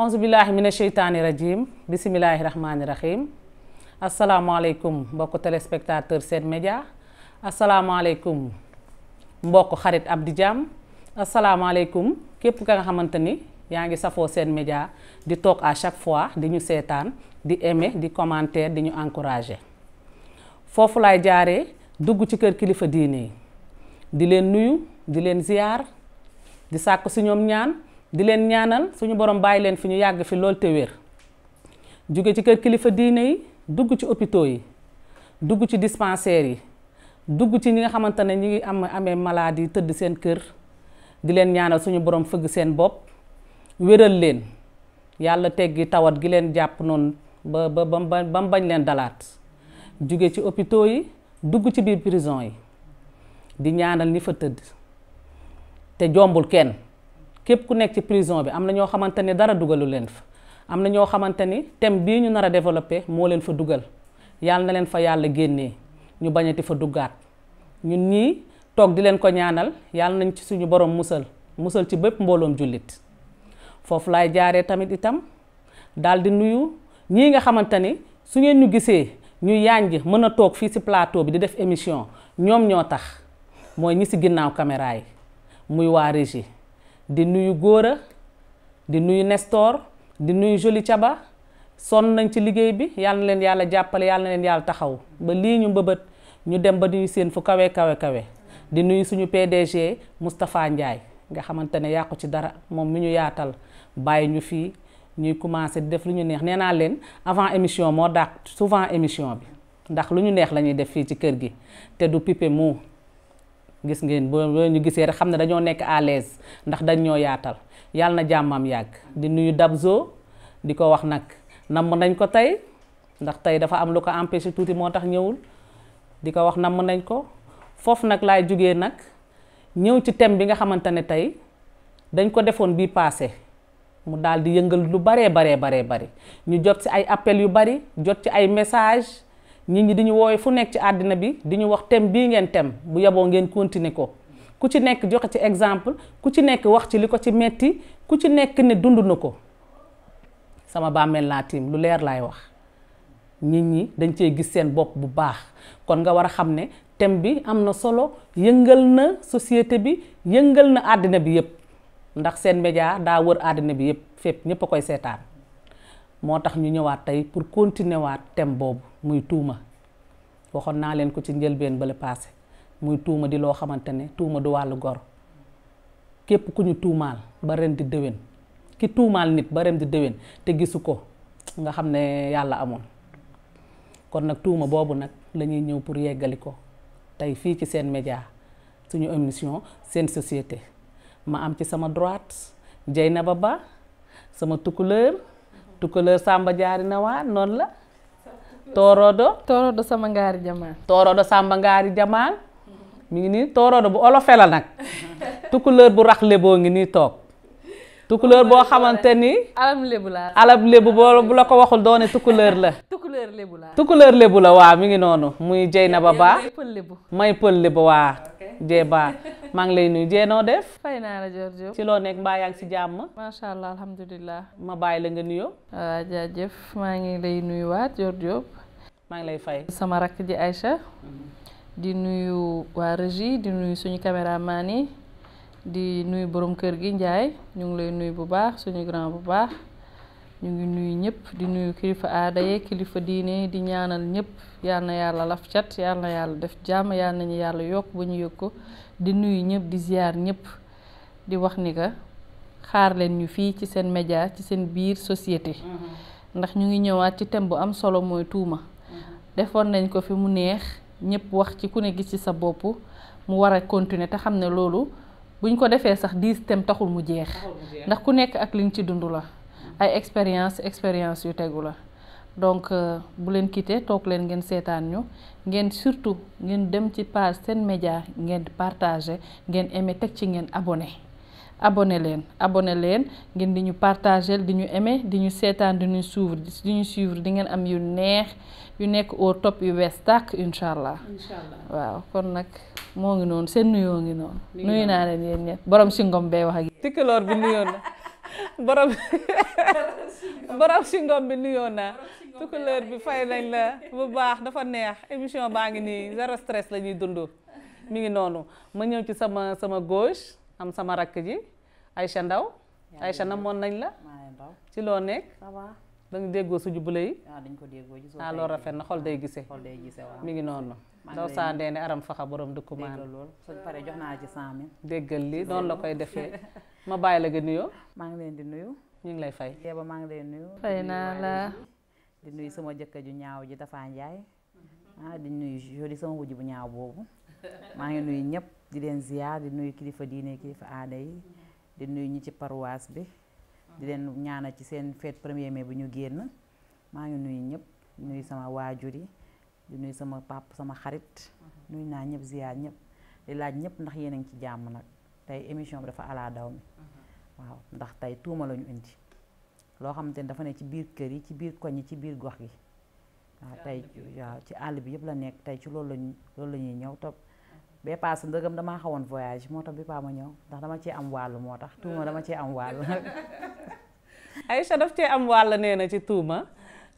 auzubillahi mina sheytaani rajim bisimilahi rahmaani rahim asalaamaaleykum mbokk téléspectateur seen média asalaamaaleykum mbokk xarit Abdou Thiam asalaamaaleykum képp ka nga xamante ni yaa ngi safoo seen média di toog à chaque fois di ñu seetaan di aimer di commentaire di ñu encourager foofu laay jaaree dugg ci kër kilifa diine yi di leen nuyu di leen ziyaar di sàkk si ñoom ñaan di leen ñaanal suñu borom bàyyi leen fi ñu yàgg fi lool te wér jóge ci kër kilifa diine yi dugg ci hôpitaux yi dugg ci dispensaires yi dugg ci ñi nga xamante ne ñi ngi am amee maladie tëdd seen kër di leen ñaanal suñu borom fëgg seen bopp wéral leen yàlla teggi tawat gi leen jàpp noonu ba ba ba mu bañ leen dalaat jóge ci hôpitaux yi dugg ci biir prison yi di ñaanal ñi fa tëdd te jombul kenn képp ku nekk ci prison bi am na ñoo xamante ne dara dugalu leen fa am na ñoo xamante ni thème bii ñu nar a développé moo leen fa dugal yàlla na leen fa yàlla génnee ñu bañati fa duggaat ñun ñii toog di leen ko ñaanal yàlla nañ ci suñu borom musal musal ci bépp mbooloom jullit foofu laay jaaree tamit itam daal di nuyu ñii nga xamante ni su ngeen ñu gisee ñu yànj mën a toog fii si plateau bi di def émission ñoom ñoo tax mooy ñi ci ginnaaw caméra yi muy waa di nuyu Gora di nuyu Nestor di nuyu Joli Caba sonn nañ ci liggéey bi yàlla leen yàlla jàppale yàlla leen yàlla taxaw ba lii ñu mbëbët ñu dem ba duñu seen fu kawe kawe kawe di nuyu suñu PDG Moustapha Ndiaye nga xamante ne yàqu ci dara moom mi ñu yaatal bàyyi ñu fii ñuy commencé def lu ñu neex nee naa leen avant émission moo dàq souvent émission bi ndax lu ñu neex lañuy def fii ci kër gi te du pipe mu gis ngeen boo ñu gisee rek xam ne dañoo nekk à l'aise ndax dañ ñoo yaatal yàlla na jàmmam yàgg di nuyu Dabzo di ko wax nag namm nañ ko tey ndax tey dafa am lu ko empêché tuuti moo tax ñëwul di ko wax namm nañ ko foofu nag laay jugee nag ñëw ci thème bi nga xamante ne tey dañ ko defoon bii paase mu daal di yëngal lu baree baree baree bari ñu jot ci ay appel yu bari jot ci ay message nit ñi di ñu woowe fu nekk ci àddina bi di ñu wax thème bii ngeen thème bu yeboo ngeen continuer ko ku ci nekk joxe ci exemple ku ci nekk wax ci li ko ci metti ku ci nekk ne dund na ko sama bàmmeel laa tiim lu leer laay wax nit ñi dañ cee gis seen bopp bu baax kon nga war a xam ne thème bi am na solo yëngal na societé bi yëngal na àddina bi yépp ndax seen média daa wër àddina bi yépp fépp ñépp a koy seetaan moo tax ñu ñëwaat tey pour continuer waat thème boobu muy tuuma waxoon naa leen ko ci njëlbeen bala paase muy tuuma di loo xamante ne tuuma du wàllu gor képp ku ñu tuumaal ba ren di déwén ki tuumaal nit ba ren di déwén te gisu ko nga xam ne yàlla amoon kon nag tuuma boobu nag lañuy ñëw pour yeggali ko tey fii ci seen média suñu émission seen société ma am ci sama droite Dieynaba Ba sama tukkuleer tukuleur samba jaari nawaa noon la toorodo toorodo sama ngaari jamaan toorodo samba ngaari jamaan mu ngi nii torodo bu olofe la nag tukuleur bu rax leboo ngi nii toog tu couleur bo xamanteni Alam lebu la Alam lebu bo bu la ko waxul doone couleur la. tukuleur lébu la tukuleur lébu la wa mi ngi nonu muy Dieynaba Ba may pël may pël lébu waa. jee ngi lay nuy def. fayna la jorjo ci lo nek mbaa yaa ci si ma sha allah alhamdullilah ma bàyyi la nga nuyoo. waaw jaajëf ma ngi lay nuy Dior jorjo ma ngi lay fay. sama rak ji aisha mhm. di nuyu waa régie di nuyu suñu cameraman ni di nuyu borom kër gi njaay ñu ngi lay nuyu bu baax suñu grand bu baax ñu ngi nuyu ñëpp di nuyu kilifa aada yee kilifa diine di ñaanal ñëpp yal na yàlla laf cat yal yàlla def jàmm yal nañu yàlla yokk ba ñu yëg ko di nuyu ñëpp di ziar ñëpp di wax ni ka xaar leen ñu fii ci seen média ci seen biir société mm-hmm. ndax ñu ngi ñëwaat ci thème bu am solo mooy tuuma mm-hmm. defoon nañ ko fi mu neex ñëpp wax ci ku ne gis ci sa bopp mu war a continuer te xam ne loolu buñ ko defee sax dix thèmes taxul mu jeex ndax ku nekk ak liñ ci expérience expérience yu tegu donc euh, bu leen quitté toog leen ngeen seetaan surtout dem ci page média ngeen partager, ngeen abonné abone leen abone leen ngeen di ñu partagel di ñu aimer di ñu seetaan di ñu suivre di ñu suivre di ngeen am yu neex yu nekk au topp yu bees tàkk incha allah. incha waaw kon nag moo ngi noonu seen nuyoo ngi noonu. nuyu na borom si ngom bee wax ak yéen. tikkiloor bi nuyoon na borom si ngom bi nuyoon na. tukkuleer bi fay nañ la bu baax dafa neex émission baa ngi nii zéro stress la dund mi ngi noonu ma ñëw ci sama sama gauche am sama rakk ji Aïcha Ndaw Aïcha namoon nañ la ci loo nekk dañu déggoo suñu bule yi naa ah, ah, loolu rafet na xol day ah, gisee mi ngi noonu ndaw saa ndeene aram faxa borom dëkku maan déggal li noonu la koy defee ma bàyyi la nga nuyoo maa ngi leen di nuyu ñu ngi lay fay Jeeba maa ngi lay nuyu fay naa la di nuyu sama jëkkër ju ñaaw ji dafa njaay ah di nuyu sama wujj bu ñaaw boobu maa ngi nuyu ñëpp di leen ziar di nuyu kilifa diine kilifa aada yi di nuyu ñi ci paroisse bi di leen ñaanal ci seen fet premier mais bi ñu génn maa ngi nuyu ñëpp nuy sama waajur yi di nuy sama pap sama xarit nuyu naa ñëpp ziar ñëpp di laaj ñëpp ndax yéen a ngi ci jàmm nag tey émission bi dafa alaa mi waaw ndax tey tuuma la indi loo xamante ni dafa ne ci biir kër yi ci biir koñ yi ci biir gox gi waaw tey waaw ci àll bi yëpp la nekk tey ci loolu lañ loolu la ñëw topp bee paase ndëgam damaa xawoon voyage moo tax bi paa ma ñëw ndax dama cee am wàll moo tax tuuma dama cee am wàll Aïcha daf cee am wàll nee na ci tuuma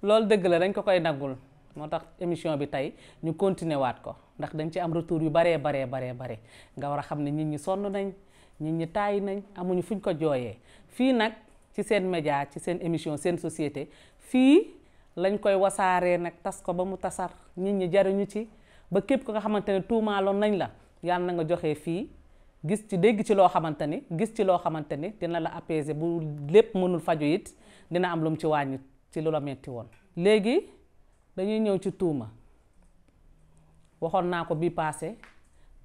loolu dëgg la dañ ko koy nagul moo tax émission bi tey ñu continuer waat ko ndax dañ ci am retour yu baree baree baree bare nga war a xam ne nit ñi sonn nañ nit ñi taay nañ amuñu fuñ ko jooyee fii nag ci seen média ci seen émission seen société fii lañ koy wasaaree nag tas ko ba mu tasar nit ñi jariñu ci ba képp ko nga xamante ne tuumaaloon nañ la yàlla na nga joxe fii gis ci dégg ci loo xamante ni gis ci loo xamante ni dina la apaiser bu lépp mënul faju it dina am lu mu ci wàññi ci lu la metti woon léegi dañuy ñëw ci tuuma waxoon naa ko bi passé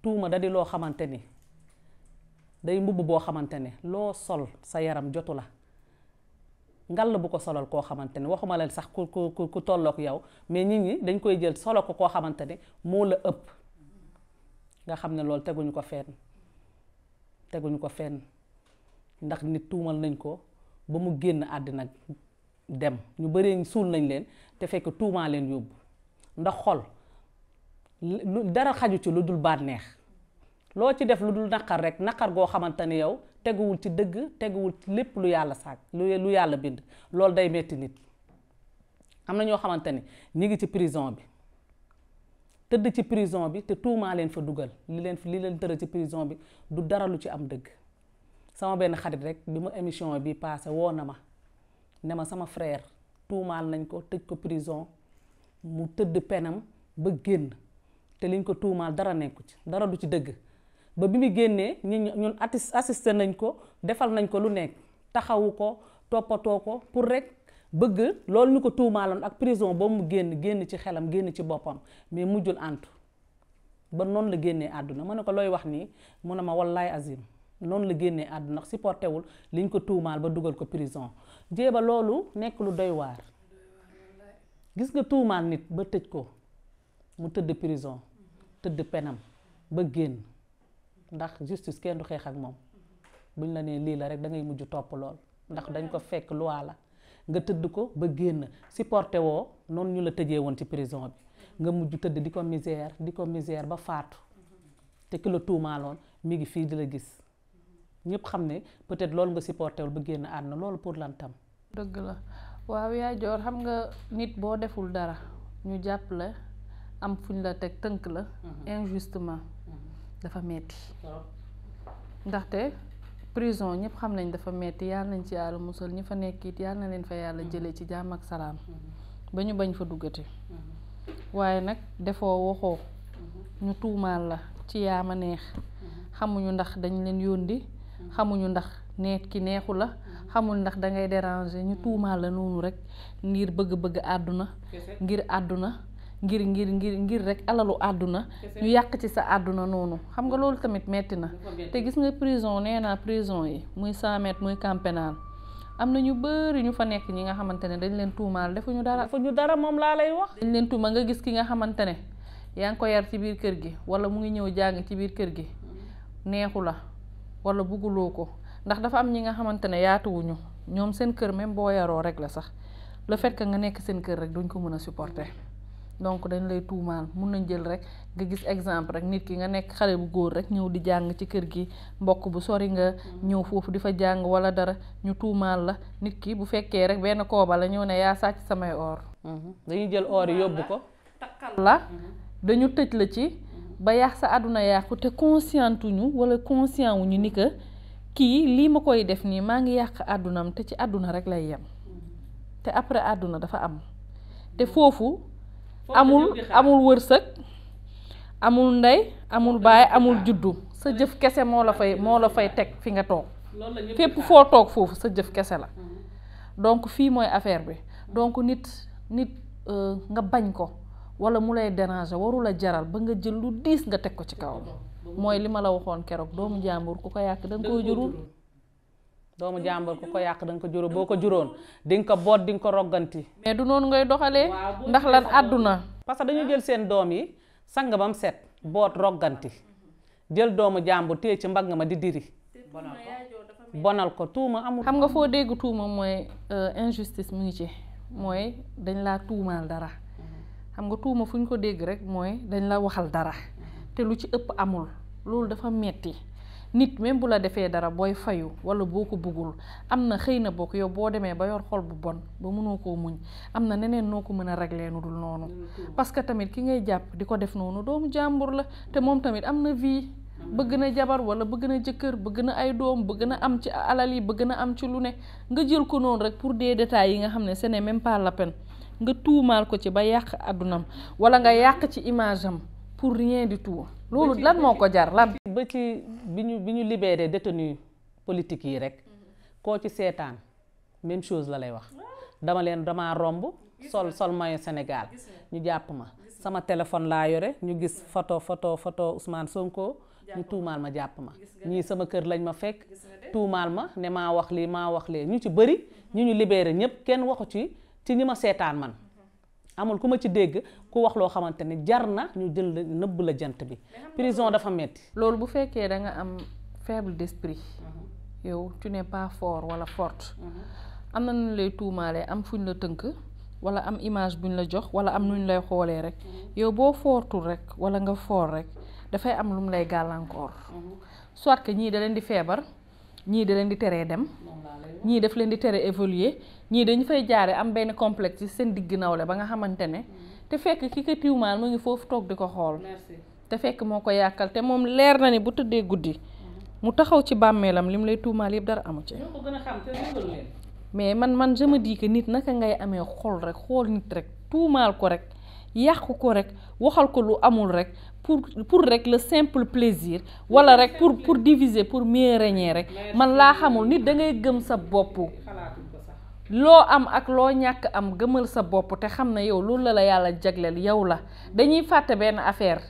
tuuma da di loo xamante ni day mbubb boo xamante ne loo sol sa yaram jotu la ngalla bu ko solal koo xamante ne waxuma leen sax ku ku ku tollook yow mais nit ñi dañ koy jël solo ko koo xamante ne moo la ëpp nga xam ne loolu teguñu ko fenn teguñu ko fenn ndax nit tuumal nañ ko ba mu génn àddina dem ñu bëree suul nañ leen te fekk tuumaa leen yóbbu ndax xol dara xaju ci lu dul bànneex loo ci def lu dul naqar rek naqar goo xamante ne yow teguwul ci dëgg teguwul lépp lu yàlla sàkk lu yàlla bind loolu day metti nit am na ñoo xamante ni ñi ngi ci prison bi tëdd ci prison bi te tuumaa leen fa dugal li leen fi li leen tëral ci prison bi du dara lu ci am dëgg sama benn xarit rek bi ma émission bi paase woo na ma ne ma sama frère tuumaal nañ ko tëj ko prison mu tëdd penam ba génn te liñ ko tuumaal dara nekku ci dara du ci dëgg ba bi mu génnee ñun ñun assisté nañ ko defal nañ ko lu nekk taxawu ko toppatoo ko pour rek bëgg loolu ñu ko tuumaaloon ak prison ba mu génn génn ci xelam génn ci boppam mais mujjul antu ba noonu la génnee àdduna ma ne ko looy wax nii mun ne ma wallaay azim noonu la génnee àdduna supporté wul liñ ko tuumaal ba dugal ko prison jéeba loolu nekk lu doy waar gis nga tuumaal nit ba tëj ko mu tëdd prison tëdd penam ba génn ndax justice kenn du xeex ak moom buñ la nee lii la rek dangay ngay mujj topp lool ndax dañ ko fekk loi la nga tëdd ko ba génn supporté woo noonu ñu la tëjee woon ci prison bi nga mujj tëdd di ko misère di ko misère ba faatu te ki la tuumaaloon mi ngi fii di la gis ñëpp xam ne peut-être loolu nga supporté wul ba génn àdduna loolu pour lantam dëgg la waaw yaa joor xam nga nit boo deful dara ñu jàpp la am fuñ la teg tënk la mhm. injustement dafa metti ndaxte prison ñëpp xam nañ dafa metti yàlla nañ ci yàlla musal ñi fa nekk it yàlla na leen fa yàlla mm-hmm. jëlee ci jàmm ak salaan mm-hmm. ba ñu bañ fa duggate mm-hmm. waaye nag defoo waxoo ñu tuumaal la ci yaama neex xamuñu ndax dañ leen yóndi xamuñu ndax neet ki neexu la xamul ndax dangay déranger ñu tuumaal la noonu rek ngir bëgg-bëgg àdduna ngir àdduna ngir ngir ngir ngir rek alalu àdduna ñu yàq ci sa àdduna noonu xam nga loolu tamit metti na te gis nga prison nee naa prison yi muy 100 mètres muy camp pénal am na ñu bëri ñu fa nekk ñi nga xamante ne dañ leen tuumaal defuñu dara defuñu dara moom laa lay wax dañ leen nga gis ki nga xamante ne yaa ngi ko yar ci biir kër gi wala mu ngi ñëw jàng ci biir kër gi neexu la wala bugguloo ko ndax dafa am ñi nga xamante ne yaatuwuñu ñoom seen kër même boo yaroo rek la sax le fait que nga nekk seen kër rek duñ ko mën a supporter donc dañ lay tuumaal mun nañ jël rek nga gis exemple rek nit ki nga nekk xale bu góor rek ñëw di jàng ci kër gi mbokk bu sori nga ñëw foofu di fa jàng wala dara ñu tuumaal la nit ki bu fekkee rek benn kooba la ñëw ne yaa sàcc samay or mhm. dañuy jël or yi yóbbu ko takkal la mhm. dañu tëj la ci ba yaax sa àdduna yàqu te consciente ñu wala conscient wuñu ni que kii lii ma koy def nii maa ngi yàq adunam te ci aduna rek lay yem mhm. te après aduna dafa am te foofu amul amul wërsëg amul ndey amul baay amul juddu sa jëf kese moo la fay moo la fay teg fi nga toog fépp foo toog foofu sa jëf kese la mhm. donc fii mooy affaire bi mhm. donc nit nit euh, nga bañ ko wala mu lay déranger warula jaral ba nga jël lu diis nga teg ko ci kawam mooy li ma la waxoon keroog doomu jàmbur ku ko yàq da nga koy jurul doomu jàmbur ku ko yàq danga ko juróom boo ko juróon dinga ko boot di nga ko rogganti. mais du noonu ngay doxalee. ndax lan àdduna. parce que dañu jël seen doom yi sang bam set boot rogganti jël doomu jàmbur téye ci nga ma di diri. bonal ko tuuma amul. xam nga foo dégg tuuma mooy euh, injustice mu ngi ci mooy dañ laa tuumaal dara xam nga tuuma fu ñu ko dégg rek mooy dañ la waxal dara te lu ci ëpp amul loolu dafa metti nit même bu la defee dara booy fayu wala boo ko bëggul am na xëy na bokk yow boo demee ba yor xol bu bon ba mënoo koo muñ am na neneen noo ko mën a régler nu dul noonu parce que tamit ki ngay jàpp di ko def noonu doomu jàmbur la te moom tamit am na vie bëgg na jabar wala bëgg na jëkkër bëgg na ay doom bëgg na am ci alal yi bëgg na am ci lu ne nga jël ko noonu rek pour dee détails yi nga xam ne sene n'est même pas la nga tuumaal ko ci ba yàq àddunam wala nga yàq ci image am pour rien du tout loolu lan moo ko jar lan. ba ci bi ñu bi ñu libéré détenu politique yi rek mhm. koo ci seetaan même chose la lay wax dama leen dama romb sol sol mayo senegal ñu jàpp ma sama téléphone laa yore ñu gis photo photo photo Ousmane Sonko ñu tuumaal ma jàpp ma ñii sama kër lañ ma fekk tuumaal ma ne maa wax lii maa wax lee ñu ci bëri mhm. ñu ñu libéré ñëpp kenn waxu ci ci ñi ma seetaan man mhm. amul ku ma ci dégg ku wax loo xamante ne jar na ñu jël la nëbb la jant bi prison dafa metti loolu bu fekkee da nga am faible d'esprit mhm. yow tu ne pas fort wala forte mhm. am na nu lay tuumaalee am fuñ la tënk wala am image buñ la jox wala am nuñ lay xoolee rek mhm. yow boo fortul rek wala nga foor rek dafay am lu mu lay gàllankoor soit que ñii da di feebar ñii da leen di teree dem ñii daf leen di tere évoluer ñii dañu fay jaare am benn complexe ci seen digg nawle te fekk ki ko tiwmaal mu ngi foofu toog di ko xool te fekk moo ko yàkkal te moom leer na ni bu tëddee guddi mhm. mu taxaw ci bàmmeelam li mu lay tuumaal yëpp dara amu ci mais man man je me dis nit naka ngay amee xol rek xool nit rek tuumaal ko rek yàqu ko rek waxal ko lu amul rek pour pour rek le simple plaisir wala rek pour pour diviser pour mieux régner rek man laa xamul nit da ngay gëm sa bopp loo am ak loo ñàkk am gëmal sa bopp te xam na yow loolu la la yàlla jagleel yow la dañuy fàtte benn affaire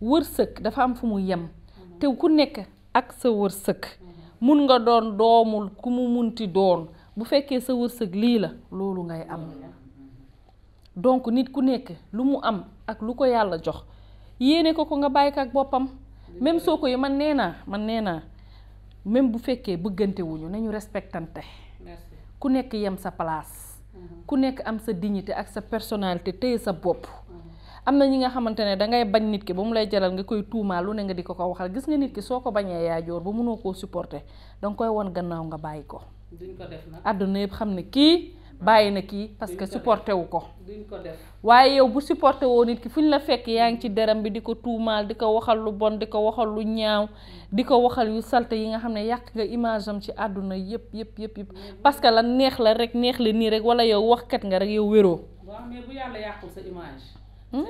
wërsëg dafa am fu mu yem te ku nekk ak sa wërsëg mun nga doon doomul ku mu munti doon bu fekkee sa wërsëg lii la loolu ngay am donc nit ku nekk lu mu am ak lu ko yàlla jox yéene ko ko nga bàyyi ko ak boppam même soo ko yi man nee naa man nee naa même bu fekkee bëggantewuñu wuñu nañu respectante ku nekk yem sa place mhm. ku nekk am sa dignité ak sa personnalité téye sa bopp mhm. am na ñi nga xamante ne dangay bañ nit ki ba mu lay jaral nga koy tuumaal lu ne nga di ko ko waxal gis nga nit ki soo ko bañee yaa joor ba mënoo koo supporter danga koy won gannaaw nga bàyyi ko àdduna yëpp xam ne kii bàyyi na kii parce que supporté wu ko waaye yow bu supporté woo nit ki fu ñu la fekk yaa ngi ci deram bi di ko tuumaal di ko waxal lu bon di ko waxal lu ñaaw di ko waxal yu salte yi nga xam ne yàq nga image am ci àdduna yëpp yëpp yëpp yëpp mm-hmm. parce que la neex la rek neex la nii rek wala yow waxkat nga rek yow wéroo. Hmm?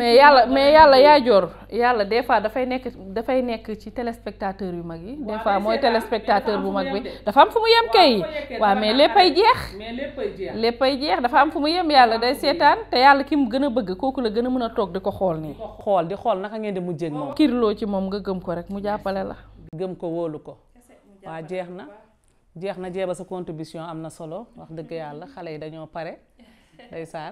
mais yàlla mais yàlla yaay yàlla des fois dafay nekk dafay nekk ci téléspectateur yu mag yi des fois mooy téléspectateur bu mag bi dafa am fu mu yem kay waaw mais léppay jeex léppay jeex dafa am fu mu yem yàlla day seetaan te yàlla ki mu gën a bëgg kooku la gën a mën a toog di ko xool nii xool di xool naka ngeen di mujjee ak moom kirloo ci moom nga gëm ko rek mu jàppale la gëm ko wóolu ko waa jeex na jeex na jeeba sa contribution am na solo wax dëgg yàlla xale yi dañoo pare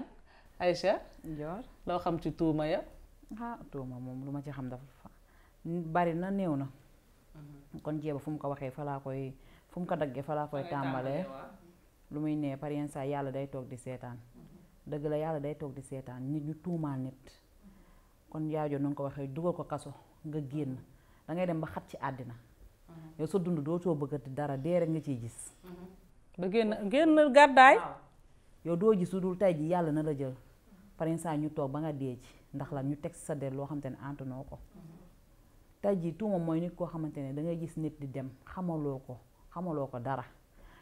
Aïcha. Dior loo xam ci tuuma ya. Ah, tuuma moom lu ma ci xam dafa bari na néew na. Mhm. kon jeeba fu mu ko waxee fa laa koy fu mu ko daggee fa laa koy tàmbalee. lu muy nee par yenn saa yàlla day toog di seetaan. Mhm. dëgg la yàlla day toog di seetaan nit ñu tuumaal nit. Mhm. kon yaajo nu nga ko waxee dugal ko kaso nga génn dangay dem ba xat ci àddina. yow sa dund dootoo bëggati dara dee rek nga ciy gis. ba génn génn gàddaay. yow doo gis lu dul tey ji yàlla na la jël. par saa ñu toog ba nga dee ci ndax la ñu teg sa der loo xamante ne antanoo ko mm-hmm. tey jii tuuma mooy nit koo xamante ne da gis nit di dem xamaloo ko xamaloo ko dara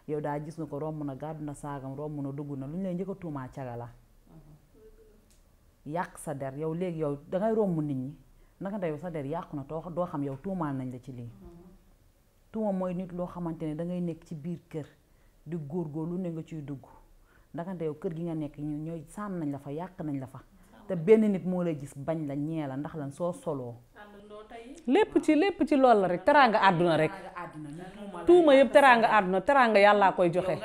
yow daa gis na ko romb na gàddu na saagam romb na dugg na lu lay njëkk a la mm-hmm. yàq sa der yow léegi yow dangay romb nit ñi naka nda yow sa der yàqu na too doo xam yow tuumaal nañ la ci lii mm-hmm. tuuma mooy nit loo xamante ne dangay nekk ci biir kër di lu ne nga ciy dugg ndakante yow kër gi nga nekk ñu ñooy sàmm nañ la fa yàq nañ la fa te benn nit moo lay gis bañ la ñee la ndax lan soo soloo lépp ci lépp ci loolu la rek teraanga àdduna rek tuuma yëpp teraanga àdduna teraanga yàllaa koy joxe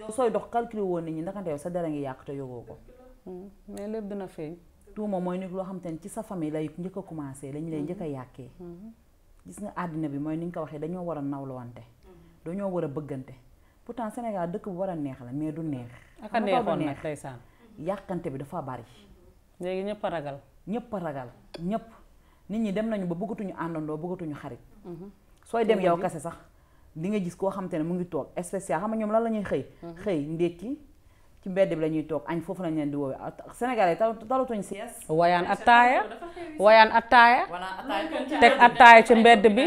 yow sooy dox calculé woon nit ñi ndakante yow sa dara ngi yàq te yogoo ko hmm, mais lépp dina feeñ tuuma mooy nit loo xam te ne ci sa famille lay njëkk a commencé lañu lay njëkk yàkkee hmm. yàqee hmm. gis nga àdduna bi mooy ni nga ko waxee dañoo war a nawlawante dañoo war a bëggante pourtant Sénégal dëkk bu war a neex la mais du neex. ak a neexoon nag ndeysaan yàqante bi dafa bari. léegi ñëpp a ragal. ñëpp a ragal ñëpp nit ñi dem nañu ba buggatuñu àndandoo buggatuñu xarit. Mhm. sooy dem yow kase sax di nga gis koo xam te ne mu ngi toog spécial xam nga ñoom lan la ñuy xëy. Mhm. xëy ndékki ci mbedd bi lañuy toog añ foofu lañ leen di woowee Sénégalais talatuñ sies wayaan attaaya wayaan attaaya teg attaaya ci mbedd bi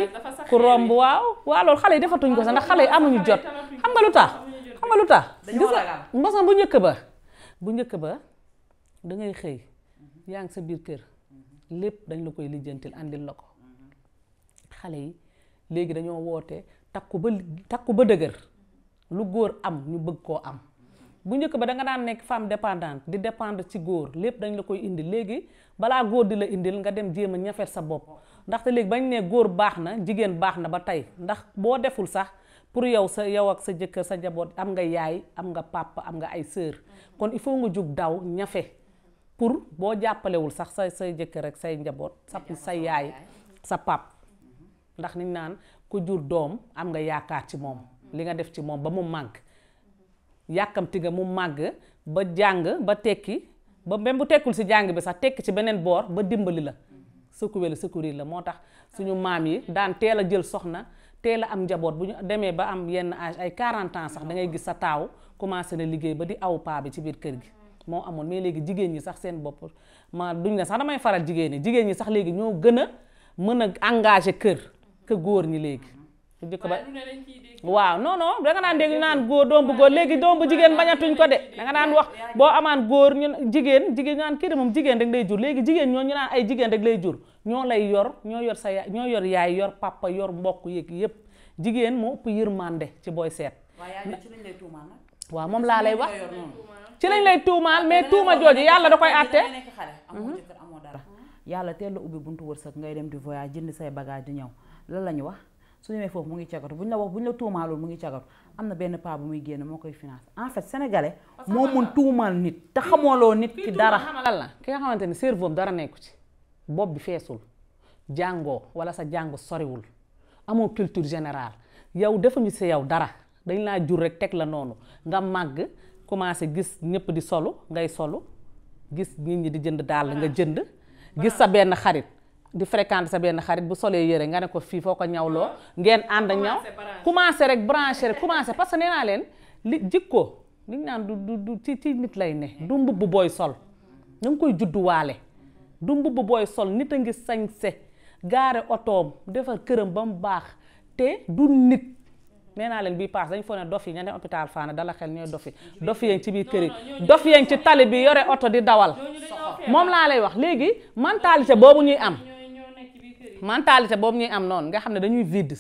ku romb waaw waaw loolu xale yi defatuñ ko sax ndax xale yi amuñu jot xam nga lu tax xam nga bu njëkk ba bu njëkk ba dangay xëy yaa ngi sa biir kër lépp dañ la koy lijjantil àndil la ko xale yi léegi dañoo woote takku ba takku ba dëgër lu góor am ñu bëgg koo am bu njëkk ba da nga daan nekk femme dépendante di dépendre ci góor lépp dañ la koy indi léegi balaa góor di la indil nga dem jéem a ñafet sa bopp ndaxte léegi bañ nee góor baax na jigéen baax na ba tey ndax boo deful sax pour yow sa yow ak sa jëkkër sa jaboot am nga yaay am nga papa am nga ay sœur kon il faut nga jug daw ñafe pour boo jàppalewul sax sa say jëkkër rek say njaboot sa sa yaay sa pap ndax niñ naan ko jur doom am nga yaakaar ci moom li nga def ci moom ba mu manque yàkkamti nga mu màgg ba jàng ba tekki ba même bu tekkul si jàng bi sax tekki ci beneen boor ba dimbali la secouer la secourir la moo tax suñu maam yi daan teel a jël soxna teel a am njaboot bu ñu demee ba am yenn âge ay 40 ans sax da ngay gis sa taaw commencé na liggéey ba di aw paa bi ci biir kër gi moo amoon mais léegi jigéen ñi sax seen bopp ma duñ ne sax damay faral jigéen ñi jigéen ñi sax léegi ñoo gën a mën a engagé kër que góor ñi léegi tuddi ko ba waaw non non da nga naan dégg nah, kan naan góor doom bu góor léegi doom bu jigen bañatuñ ko de da nga naan wax boo amaan góor ñu jigéen jigéen ñu naan kii de rek lay jur léegi jigéen ñoo ñu ay jigen rek lay jur ñoo lay yor ñoo yor sa ñoo yor yaay yor papa yor mbokk yeeg yépp jigéen moo ëpp yërmande ci booy seet waaw moom laa lay wax ci lañ lay tuumaal mais tuuma jooju yàlla da koy àtte yàlla teel di ubbi buntu ngay dem di voyage jënd say bagage di ñëw wax su demee foofu mu ngi cagatu bu ñu la wax bu ñu la tuumaaloon mu ngi cagatu am na benn paa bu muy génn moo koy financé en fait sénégalais moo mun tuumaal nit te xamoloo nit ki dara lan la ki nga xamante ne cerveau dara nekku ci bopp bi feesul jàngoo wala sa jàng soriwul amoo culture général yow defuñu si yow dara dañ laa jur rek teg la noonu nga màgg commencé gis ñëpp di solu ngay solu gis nit ñi di jënd daal nga jënd gis sa benn xarit di fréquente sa benn xarit bu solee yére nga ne ko fii foo ko ñawloo ah. ngeen ànd ñaw commencé rek branché rek commencé parce que nee naa leen li jikko li naan du du ci ci nit lay ne du mbubb booy sol da nga koy judduwaale du mbubb booy sol nit a ngi sañse gaare otoom defar këram ba mu baax te du nit nee naa leen bii paas dañ foog ne dof yi ña ne hôpital Fana dala xel ñooy dof yi dof yi ci biir kër yi dof yi ci tali bi yore oto di dawal moom laa lay wax léegi mentalité boobu ñuy am mentalité boobu ñuy am noonu nga xam ne dañuy vidde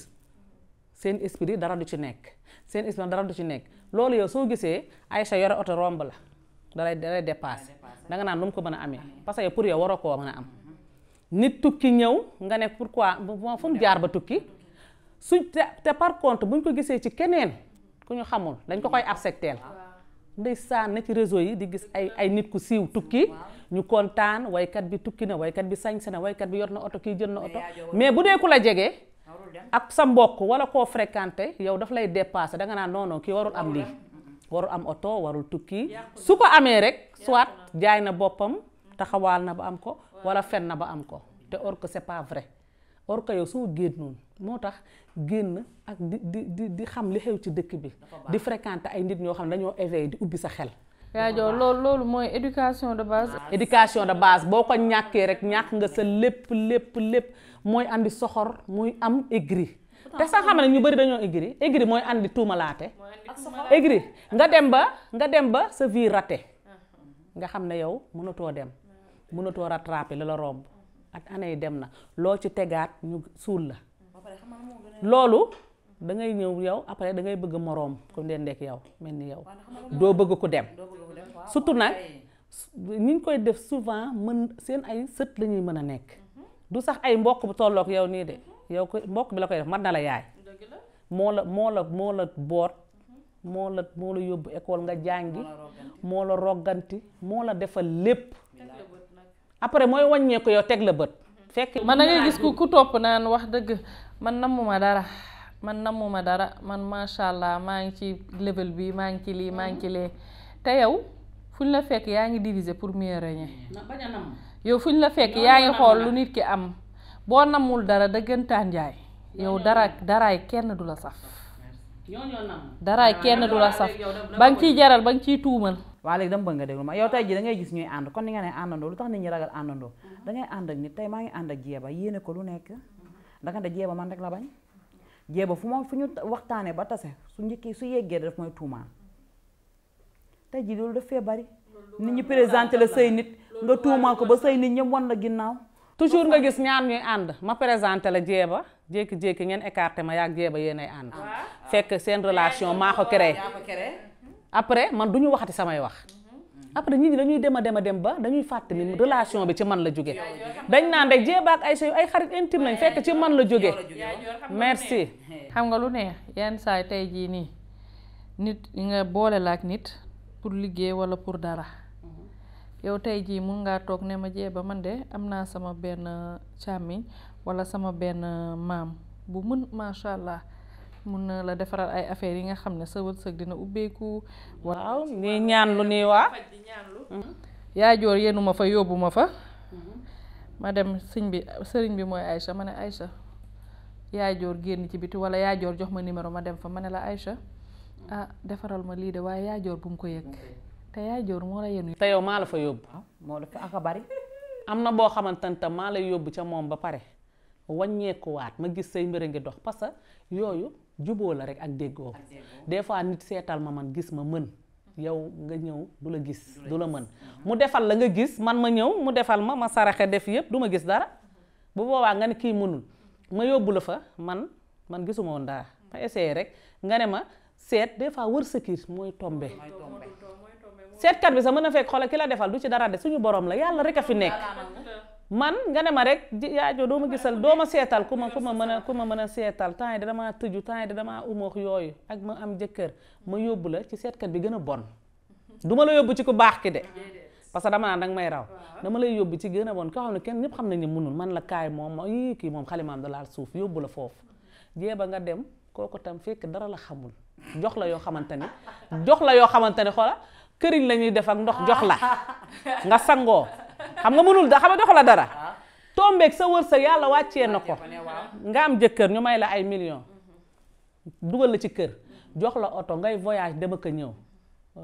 seen esprit dara du ci nekk seen esprit dara du ci nekk loolu yow soo gisee Aïcha yore oto romb la dalay dalay dépassé danga naan lu mu ko mën a amee parce que pour yow waroo koo mën a am nit tukki ñëw nga ne pourquoi fu mu jaar ba tukki suñ te te par contre buñ ko gisee ci keneen ku ñu xamul dañ ko koy mm-hmm. absecteel saan na ci réseau yi di gis ay ay nit ku siiw tukki ñu kontaan waykat bi tukki na waykat bi sañse na waykat bi yor na oto kii jën na oto mais bu dee ku la jege ak sa mbokk wala koo fréquenté yow daf lay dépassé da nga naan non kii warul am lii warul am oto warul tukki su ko amee rek soit jaay na boppam taxawaal na ba am ko wala fen na ba am ko te or que c'est pas vrai or ka yow su génnoon motax genn ak di di di xam li xew ci dekk bi di fréquenter ay nit ñoo xam ne dañoo éveillé di ubbi sa xel yaajo lool lool moy éducation de base ah, éducation de base boko ñaké rek ñàkk nga sa lip lip lip, moy andi soxor moy am aigri té sa xam na ñu bari dañoo aigri aigri moy andi tuumalaate aigri nga dem ba nga dem ba sa vie raté ah. nga xam na yow dem ah. mënatoo rattraper la la ak année yi dem na loo ci tegaat ñu suul la loolu da ngay ñëw yow après da ngay bëgg moroom ku ndendeek yow mel ni yow doo bëgg ku dem surtout nag ñi ñu koy def souvent mën seen ay sët la ñuy mën a nekk mhm. du sax ay mbokk bu tollook yow nii de mhm. yow ko mbokk bi la koy def mat na la yaay moo la moo la moo la boot mhm. moo la moo la yóbbu école nga jàngi moo la rogganti moo la defal lépp après mooy waññeeku yow teg la bët. Mhm. fekk man na ngay gis ku ku topp naan wax dëgg man nammuma dara man nammuma dara man macha allah maa ngi ci level bi maa ngi ci lii maa ngi ci mhm. lee te yow fu ñu la fekk yaa ngi diviser pour mieux régner. yow fu ñu la fekk yaa ngi xool lu nit ki am boo namul dara dëggantaan jaay yow dara daraay kenn du la saf. daraay ah, kenn du la saf ba ngi ciy jaral ba nga ciy tuumal. waa léegi dama bëgg nga déglu ma yow tay ji da gis ñuy ànd kon ni nga ne àndandoo lu tax nit ñi ragal àndandoo mm-hmm. da ngay ànd ak nit tey maa ngi ànd ak jeeba yéene ko lu nekk mm-hmm. da nga ne jeeba man rek la bañ jeeba fu ma fu ñu waxtaanee ba tase su njëkkee su yeggee daf mooy tuumaan tey ji loolu daf fee bari nit ñi présenté la say nit nga tuumaal ko ba say nit ñëpp wan la ginnaaw toujours nga gis ñaar ñuy ànd ma présenté la jeeba jékki-jékki ngeen écarté ma yaag jeeba yéen ay ànd fekk seen relation maa ko créé après man duñu waxati samay wax après nit ñi dañuy dem a dem dem ba dañuy fàtte ni eh, relation bi ci man la joggé dañ naan rek Jeeba ak Aïcha yu ay xarit intime lañ eh, fekk ci man la joggé merci xam nga lu neex yeen say tay ji ni nit nga bolé lak nit pour liggé wala pour dara yow tay ji mu nga tok ne ma ba man dé amna sama ben càmmiñ wala sama ben mam. bu mën machallah mun na la defaral ay affaire yi nga xam ne sa wërsëg dina ubbeeku. waaw ni ñaan lu nii waa. Mm-hmm. yaa joor yenu ma fa yóbbu ma fa. Mm-hmm. ma dem sëñ bi sëriñ bi mooy Aïcha ma ne Aïcha yaa joor génn ci biti wala yaa joor jox ma numéro ma dem fa ma ne la Aïcha ah defaral ma lii de waaye yaa joor bu mu ko yëg te yaa joor moo la yenu. te yow maa la fa yóbbu. moo la fa aka bari. am na boo xamante ne maa lay yóbbu ca moom ba pare wàññeekuwaat ma gis say mbir ngi dox parce que juboo la rek ak déggoo des fois nit seetal ma man gis ma mën yow nga ñëw du la gis du la mën mhm. mu defal la nga gis man ma ñëw mu defal ma ma saraxe def yëpp du ma gis dara bu boobaa nga ne kii mënul ma yóbbu la fa man man gisuma woon dara ma essayé rek nga ne ma seet des fois wërsëg mooy tombe seetkat bi sa mën a fekk xoolal ki la defal du ci dara de suñu borom la yàlla rek a fi nekk man nga ne ma rek yaajoo doo ma gisal doo ma seetal ku ma ku ma mën a ku ma mën a seetal temps yi da damaa tëju temps da damaa umoox yooyu ak ma am jëkkër ma yóbbu la ci seetkat bi gën a bon du ma la yóbbu ci ku baax ki de parce que dama may raw dama lay yóbbu ci gën a bon koo xam ne kenn ñëpp xam nañ ne mënul man la kaay moom ma yii kii moom xalimaam laal suuf yóbbu la foofu jeeba nga dem kooku tam fekk dara la xamul jox la yoo xamante ni jox la yoo xamante ni xoola këriñ lañuy def ak ndox jox la nga sangoo xam nga mënul da xam nga joxu la dara ah. tombeeg sa wërsëg yàlla wàccee na ko nga am jëkkër ñu may la ay million dugal la ci kër jox la oto ngay voyage dem ak a ñëw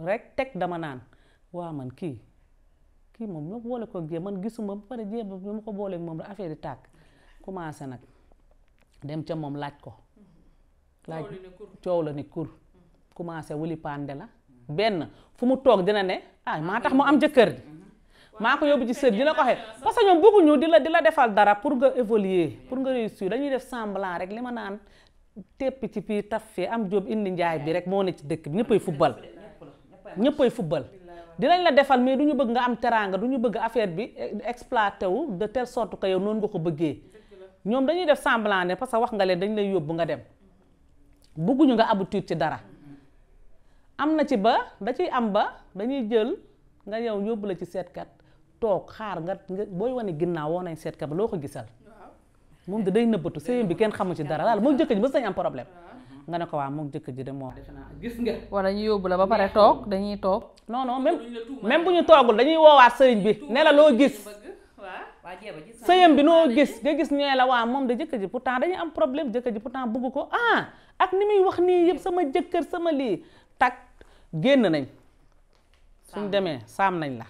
rek teg dama naan waa man kii kii moom ñoo boole ko jéem man gisuma ba pare jéem ñu ma ko booleeg moom rek affaire yi tàkk commencé nag dem ca moom laaj ko laaj coow la ni kur commencé wuli pande la benn fu mu toog dina ne ah maa tax mu am jëkkër maako yobu ci sër dina ko xé parce que ñom bëggu di la di la defal dara pour nga évoluer pour nga réussir dañuy def semblant rek lima naan tépp ci fii taffé am job indi njaay bi rek mo ne ci dëkk bi ñëppay football ñëppay football dinañ la defal mais duñu bëgg nga am teranga duñu bëgg affaire bi exploiter wu de telle sorte que yow non nga ko bëggé ñom dañuy def semblant né parce que wax nga leen dañ lay yobbu nga dem ñu nga ci dara am na ci ba da ci am ba dañuy jël nga yow yóbbu la ci kat tok xaar nga boy wone ginnaw wonay set seetkat ba loo ko gisal moom da day neubatu sëyam bi ken xamu ci dara daal moom jëkkër ji mës nañ am problème nga ne ko wa moom jëkkër ji de mo gis nga wala ñu yobula ba pare tok dañuy tok non non même même buñu togul toogul dañuy woowaat sëriñ bi ne la lo gis Sayem bi no gis nga gis ñe la wa mom da jëkëji pourtant dañu am problème jëkëji pourtant bëgg ko ah ak ni muy wax ni yëpp sama jëkër sama li tak genn nañ suñu démé sam nañ la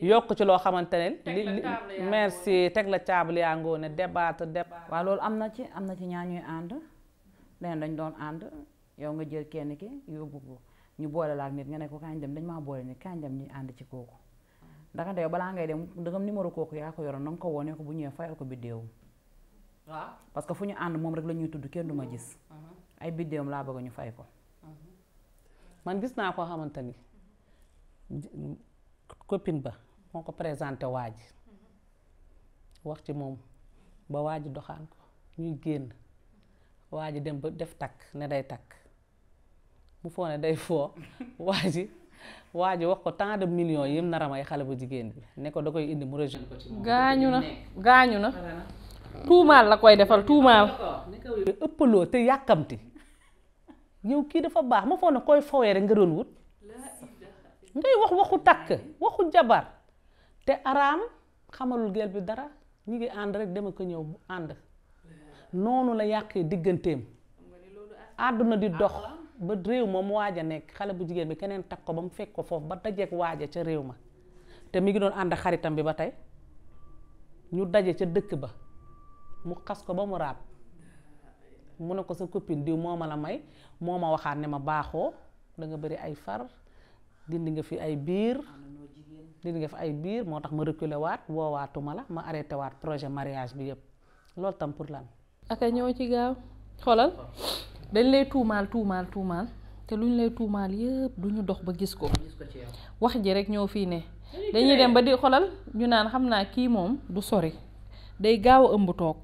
yokk ci loo xamante ne li merci teg la table yaa ngoone débattre débat waaw loolu am na ci am na ci ñaa ñuy ànd leen dañ doon ànd yow nga jël kenn ki yóbbu ko ñu boole la ak nit nga ne ko kañ dem dañ maa boole nit kañ dem ñu ànd ci kooku ndaxante yow balaa ngay dem ndegam numéro kooku yaa ko yoroon na ko wone ko bu ñëwee fayal ko biddéewum waaw parce que fu ñu ànd moom rek lañuy tudd kenn du ma gis uh-huh. ay biddéewum laa bëgg ñu fay ko uh-huh. man gis naa koo xamante ni copine ba moko présenté waji wax ci mom ba waji ji ko ñuy genn waji dem def tak ne day tak mu foo day fo waji waji wax ko tant de millions yim nara may xale bu jigen bi ne ko da koy indi mu rejoindre ko ci mom gañu na gañu na mal la koy defal tuumaal eppelo te yakamti yow ki dafa bax ma foo koy fowé rek ngeeron wut ngay wax waxu tak waxu jabar te araam xamalul gel bi dara ñu ngi ànd rek dama ko ñëw ànd noonu la yàqee digganteem àdduna di dox ba réew ma mu waaj nekk xale bu jigéen bi keneen takk ko ba mu fekk ko foofu ba dajeek waaja ca réew ma te mi ngi doon ànd xaritam bi ba tey ñu daje ca dëkk ba mu xas ko ba mu ràbb mu ne ko sa copine diw moo ma la may moo ma waxaat ne ma baaxoo danga nga ay far dindi nga fi ay biir di def ay bir motax tax ma reculé waat woowaatuma la ma arrêté wat projet mariage bi yeb lol tam pour lan ak ñoo ci gaaw xolal dañ lay tuumaal tuumaal tuumaal te luñ lay tuumaal yeb duñu dox ba gis ko wax ji rek ñoo fi ne dañuy dem ba di xolal ñu naan xamna ki mom du sori day gaaw ëmb tok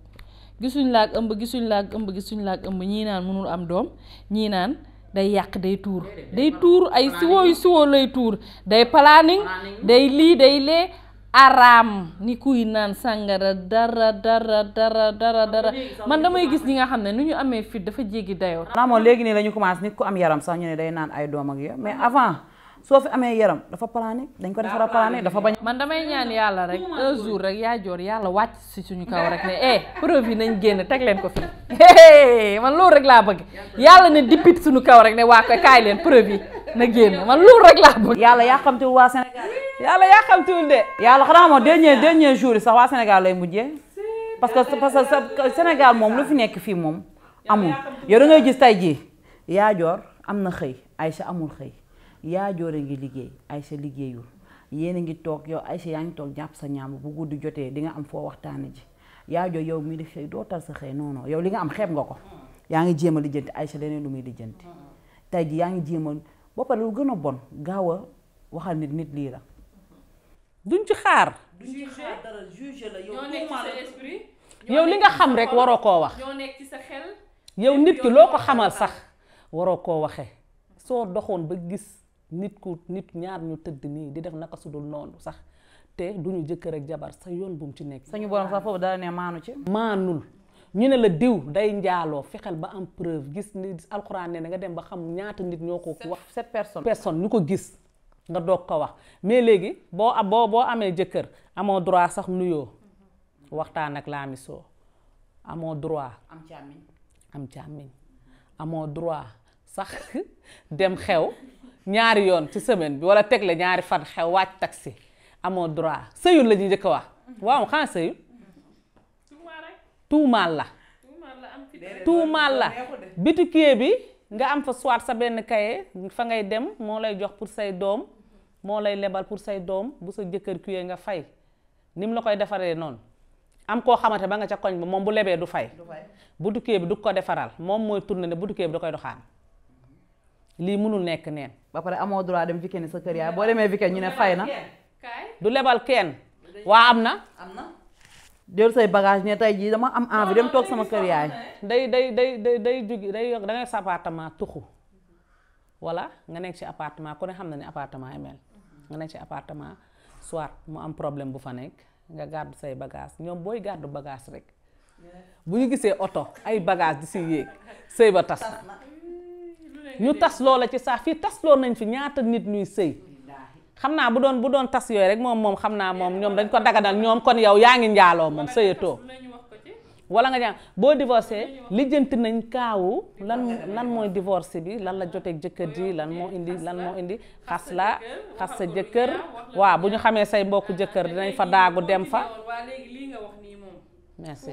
gisuñ laak ëmb gisuñ laak ëmb gisuñ laak ëmb ñi naan mënul am doom ñi naan day yàq day tuur day tuur ay siwo yu lay tuur day planning day lii day lee araam ni kuy naan sàngara dara dara dara dara dara man damay gis ñi nga xam ne nu ñu amee fit dafa jéggi dayoo. naa moom léegi nii la ñu commencé nit ku am yaram sax ñu ne day naan ay doom yooyu mais avant. soo fi amee yaram dafa plané dañ ko defara plané dafa bañ man damay ñaan yàlla rek un jour rek yaa yàlla wàcc si suñu kaw rek ne eh preuve nañ génn teg leen ko fii man loolu rek laa bëgg yàlla ne dippit suñu kaw rek ne waa ko kaay leen preuve yi na génn man loolu rek laa bëgg yàlla yaa xamtul waa Sénégal yàlla yaa xamtul de yàlla xanaa moom dernier dernier jour yi sax waa Sénégal lay mujjee parce que parce que Sénégal moom lu fi nekk fii moom amul yow ngay gis tey jii yaa am na xëy Aïcha amul xëy yaa joore ngi liggéey Aïcha liggéeyul yéen a ngi toog yow Aïcha yaa ngi toog jàpp sa ñaam bu guddi jotee di nga am foo waxtaane ji yaa joor yow mii di xëy doo tal sa xëy non non yow li nga am xeeb nga ko yaa ngi jéem a lijjanti Aïcha leneen lu muy lijjanti tey ji yaa ngi jéem a ba lu gën a bon gaaw a waxal nit nit lii la duñ ci xaar duñ li nga xam rek waroo koo wax ñoo nit ki loo ko xamal sax waroo ko waxe soo doxoon ba gis nit ku nit ñaar ñu tëdd nii di def naka sudul noonu sax te duñu jëkkër ak jabar sa yoon bu mu ci nekk. sañu borom sax foofu dara ne maanu ci. maanul ñu ne la diw day njaaloo fexel ba am preuve gis ni alxuraan ne nga dem ba xam ñaata nit ñoo ko wax. cette personne ñu ko gis nga doog ko wax mais léegi boo boo boo amee jëkkër amoo droit sax nuyoo waxtaan ak laamisoo amoo droit. am càmmiñ am càmmiñ amoo droit sax dem xew. ñaari yoon ci semaine bi wala teg la ñaari fan xew wàcc taxi amoo droit sëyul la ñuy njëkk wax waaw xanaa sëyul tuumaal la tuumaal la bitikiyee bi nga am fa soit sa benn kaye fa ngay dem moo lay jox pour say doom moo lay lebal pour say doom bu sa jëkkër kuyee nga fay ni mu la koy defaree noonu am koo xamante ba nga ca koñ ba moom bu lebee du fay butikiyee bi du ko defaral moom mooy tourné ne butikiyee bi da koy doxaan lii mënul nekk neen ba pare amoo droit dem weekend sa kër yaay boo demee weekend ñu ne fay na du lebal kenn waa am na am na jël say bagage ne tey jii dama am envie dem toog sama kër day day day day day day yokk da ngay sa wala nga nekk ci appartement ku ne xam na ne appartement mel nga nekk ci appartement soit mu am problème bu fa nekk nga gàddu say bagage ñoom booy gàddu bagage rek bu ñu gisee oto ay bagage di si yéeg sëy ba tas ñu tas loola ci saa fii tas lool nañ fi ñaata nit ñuy sëy xam naa bu doon bu doon tas yooyu rek moom moom xam naa moom ñoom dañ ko daganal ñoom kon yow yaa ngi njaaloo moom sëyatoo wala nga jàng boo divorcé lijjanti nañ kaawu lan lan mooy divorce bi lan la joteeg jëkkër ji lan moo indi lan moo indi xas la xas sa jëkkër waaw bu ñu xamee say mbokku jëkkër dinañ fa daagu dem fa merci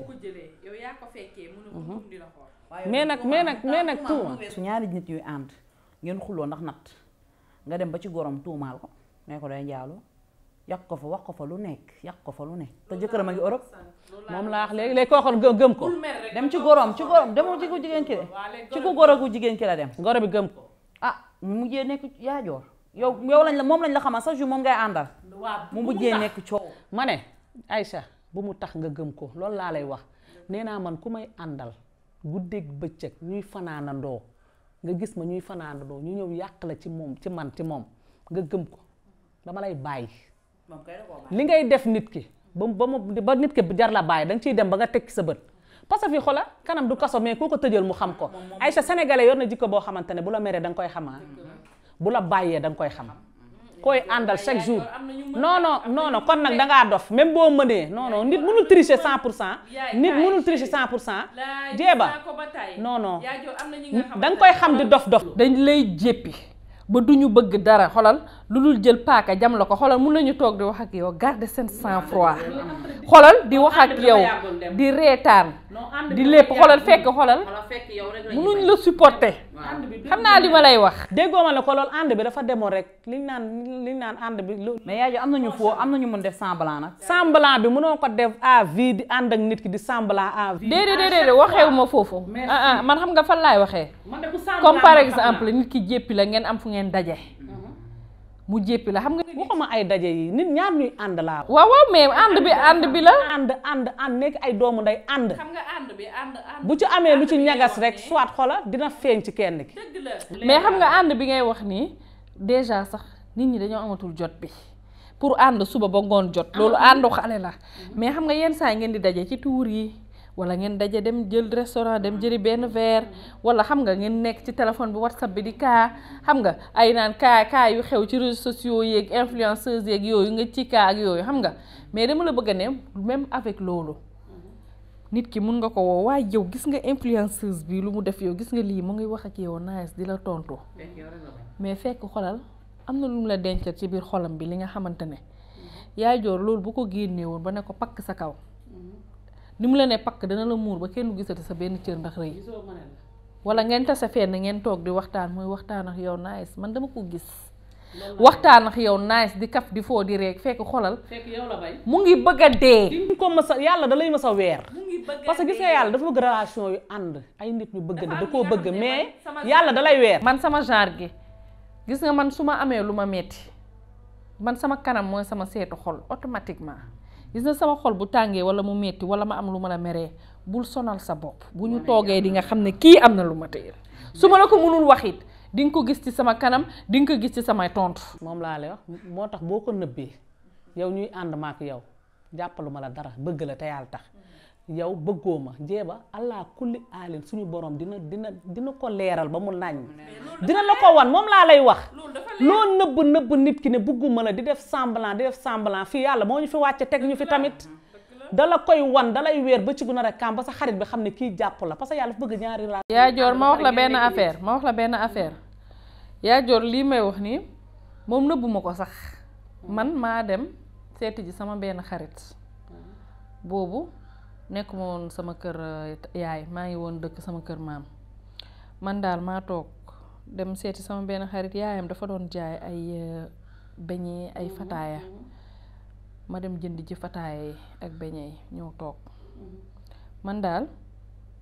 mais nag mais nag mais nag tuuma su ñaari nit ñuy ànd ngeen xuloo ndax nat nga dem ba ci gorom tuumaal ko nee ko day njaaloo yàq ko fa wax ko fa lu nekk yàq ko fa lu nekk te jëkkëram a ngi Europe moom laa léegi léegi koo xam gëm ko dem ci gorom ci gorom demoo ci ku jigéen ki de ci ku jigéen ki la dem goro bi gëm ko ah mu mujjee nekk yaajoor yow yow lañ la moom lañ la xamal sax ju moom ngay àndal mu mujjee nekk coow ma ne Aïcha bu mu tax nga gëm ko loolu laa lay wax nee naa man ku may àndal guddeeg bëccëg ñuy fanaanandoo nga gis ma ñuy fanaanandoo ñu ñëw yàq la ci moom ci man ci moom nga gëm ko dama lay bàyyi. li ngay def nit ki ba ba mu ba nit ki jar la bàyyi da nga ciy dem ba nga tekki sa bët. parce que fii xoola kanam du kaso mais koo ko tëjal mu xam ko ay Aïcha sénégalais yor na jikko boo xamante ne bu la meree danga koy xamaa ah. bu la bàyyee danga koy xam. kooy àndal chaque jour non non non non kon nag dangaa ngaa dof même boo mënee non non nit mënul tricher 100 pour cent nit mënul tricher cent pour cent jeeba non non da nga koy xam di dof dof dañ lay jéppi ba du ñu bëgg dara xolal lulul jël paaka jam la ko xoolal mun nañu tok di wax ak yow garder sen sang froid xolal di wax ak yow di reetaan di lepp xolal fekk xoolal munuñ la supporter xamna li ma lay wax déggoo ma ne ko loolu ànd bi dafa demoon rek liñ naan liñ naan and bi mais yaay amna ñu fo amna ñu mën def semblant nak semblant bi mënon ko def à vie di and ak nit ki di semblant à vie déedéet déedéet waxeewu ma ah, ah man xam nga fa lay waxee comme par exemple nit ki jéppi la ngeen am fu ngeen daje mu jéppi la xam nga ni waxuma ay daje yi nit ñaar ñuy ànd laa waaw waaw mais ànd bi ànd bi la ànd ànd ànd nekk ay doomu nday ànd xam nga ànd bi ànd bu ci amee lu ci ñagas rek soit xola dina feeñ ci kenn gi mais xam nga ànd bi ngay wax nii déjà sax nit ñi dañoo amatul jot bi pour ànd suba ba ngoon jot loolu àndu xale la mais xam nga yenn saa yi ngeen di daje ci tuur yi wala ngeen daje dem jël restaurant dem jëli benn verre wala xam nga ngeen nekk ci téléphone bi whatsapp bi di kaa xam nga ay naan kaa kaa yu xew ci réseaux sociaux yeeg influenceuse yeeg yooyu nga ci kaa ak yooyu xam nga mais dama la bëgg a ne même avec loolu nit ki mun nga ko woo waaye yow gis nga influenceuse bi lu mu def yow gis nga lii mu ngi wax ak yow nice di la tontu mais fekk xolal am na lu mu la dencal ci biir xolam bi li nga xamante ne yaay joor loolu bu ko génnee woon ba ne ko pakk sa kaw ni mu la pak dana la muur ba kenn du gissata sa benn cieur ndax rëy wala ngeen fenn ngeen tok di waxtaan moy waxtaan ak yow nice man dama ko giss waxtaan ak yow nice di kaf di fo di rek fekk xolal fekk yow la bay mu ngi bëgga dé dee di ko masa yalla da lay masa wër parce que gis yalla dafa bëgg relation yu and ay nit ñu bëgg da ko bëgg mais yalla da lay wër man sama genre gi gis nga man suma amé luma metti man sama kanam moy sama sétu xol automatiquement di sa sama xol bu tàngee wala mu metti wala ma am lu ma la meree bul sonal sa bopp bu ñu toogee di nga xam ne kii am na lu ma téyel su ma la ko mënul wax it di nga ko gis ci sama kanam di nga ko gis ci samay tontu. moom laa lay wax moo tax boo ko nëbbee yow ñuy ànd maak yow jàppalu ma la dara bëgg la te yàlla tax yow bëggoo ma jeeba allah kulli aalin suñu borom dina dina dina ko leeral ba mu nañ dina la ko wan moom laa lay wax loo nëbb nëbb nit ki ne bëgguma la di def semblant di def semblant fii yàlla moo ñu fi wàcce teg ñu fi tamit dala koy wan dalay weer ba ci gu nar a kaam ba sa xarit bi xam ne kii jàpp la parce que yàlla bëgg ñaari laa yaa joor ma wax la benn affaire ma wax la benn affaire yaa lii may wax nii moom nëbbuma ko sax man maa dem seeti ji sama benn xarit hmm. boobu nekkuma ya, ya woon sama kër yaay maa ngi woon dëkk sama kër maam man daal maa toog dem seeti sama benn xarit yaayam dafa doon jaay ay eh, beñe ay mhm. fataaya mhm. ma dem jënd ji fataaya yi ak beñe yi ñëw toog man daal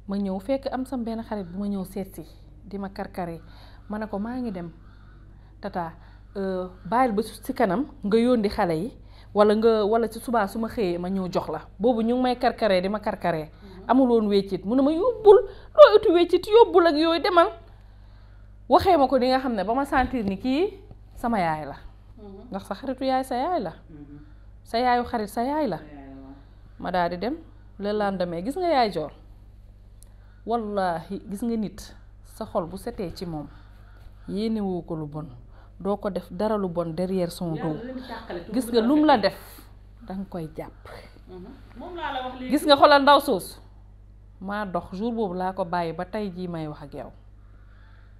ma ñëw fekk am sama benn xarit bu ma ñëw seetsi di ma karkari ma ne ko maa ngi dem tata eh, bàyyil ba si kanam nga yóndi xale yi wala nga wala ci subaa su ma xëyee ma ñëw jox la boobu ñu may may karkaree di ma karkaree mm-hmm. amuloon weccit mun ne ma yóbbul loo uti weccit yóbbul ak yooyu demal waxee ma ko di nga xam ne ba ma sentir ni kii sama yaay la mm-hmm. ndax sa xaritu yaay sa yaay la mm-hmm. sa yaayu xarit sa yaay la ma daal di dem le lendemain gis nga yaay joor wallaahi gis nga nit sa xol bu setee ci moom yéenewoo ko lu bon doo ko def dara lu bon derrière son dos gis nga lum la def dang koy mhm. gis nga xolal ndaw sos ma dox jour bobu la ko baye ba tay ji may wax ak yow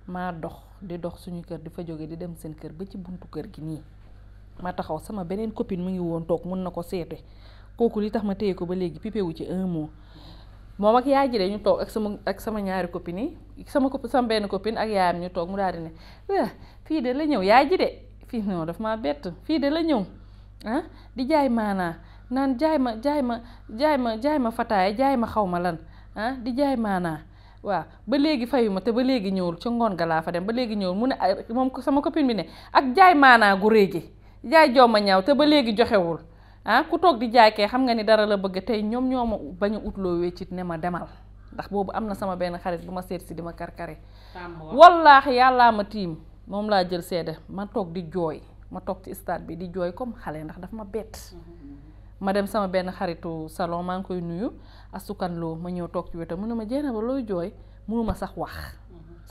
ma dox di dox suñu kër di fa di dem seen kër ba ci buntu kër gi ni ma taxaw sama benin copine mu ngi won tok mun nako sété koku li tax ma téye ko ba pipé wu ci un mot mom ak yaaji ji de ñu toog ak sama ak sama ñaari copine yi sama sama benn copine ak yaam ñu tok mu daal di ne ah, fii de la ñëw yaay ji de fii non daf maa bett fii de la ñëw ah, di jaay maanaa naan jaay ma jaay ma jaay ma jaay ma fataaya jaay ma xaw ma lan ah, di jaay maanaa waaw ba léegi fayu te ba léegi ñëwul ca ngoon ga laa fa dem ba léegi ñëwul mu ne ah, moom sama copine bi ne ak jaay maanaa gu rëy gi jaay jooma ñaaw te ba léegi joxewul ah ku toog di jaay kee xam nga ni dara la bëgg tey ñoom ñoo ma bañ a utloo weccit ne ma demal ndax boobu am na sama benn xarit bu ma seet si di ma karkare wallaahi mom la jël sédé ma tok di joy ma tok ci stade bi di joy comme xalé ndax daf ma bét ma dem sama ben xaritu salon ma ngi koy nuyu asukan lo ma ñew tok ci wetam mu ne ma jéna ba joy mu ma sax wax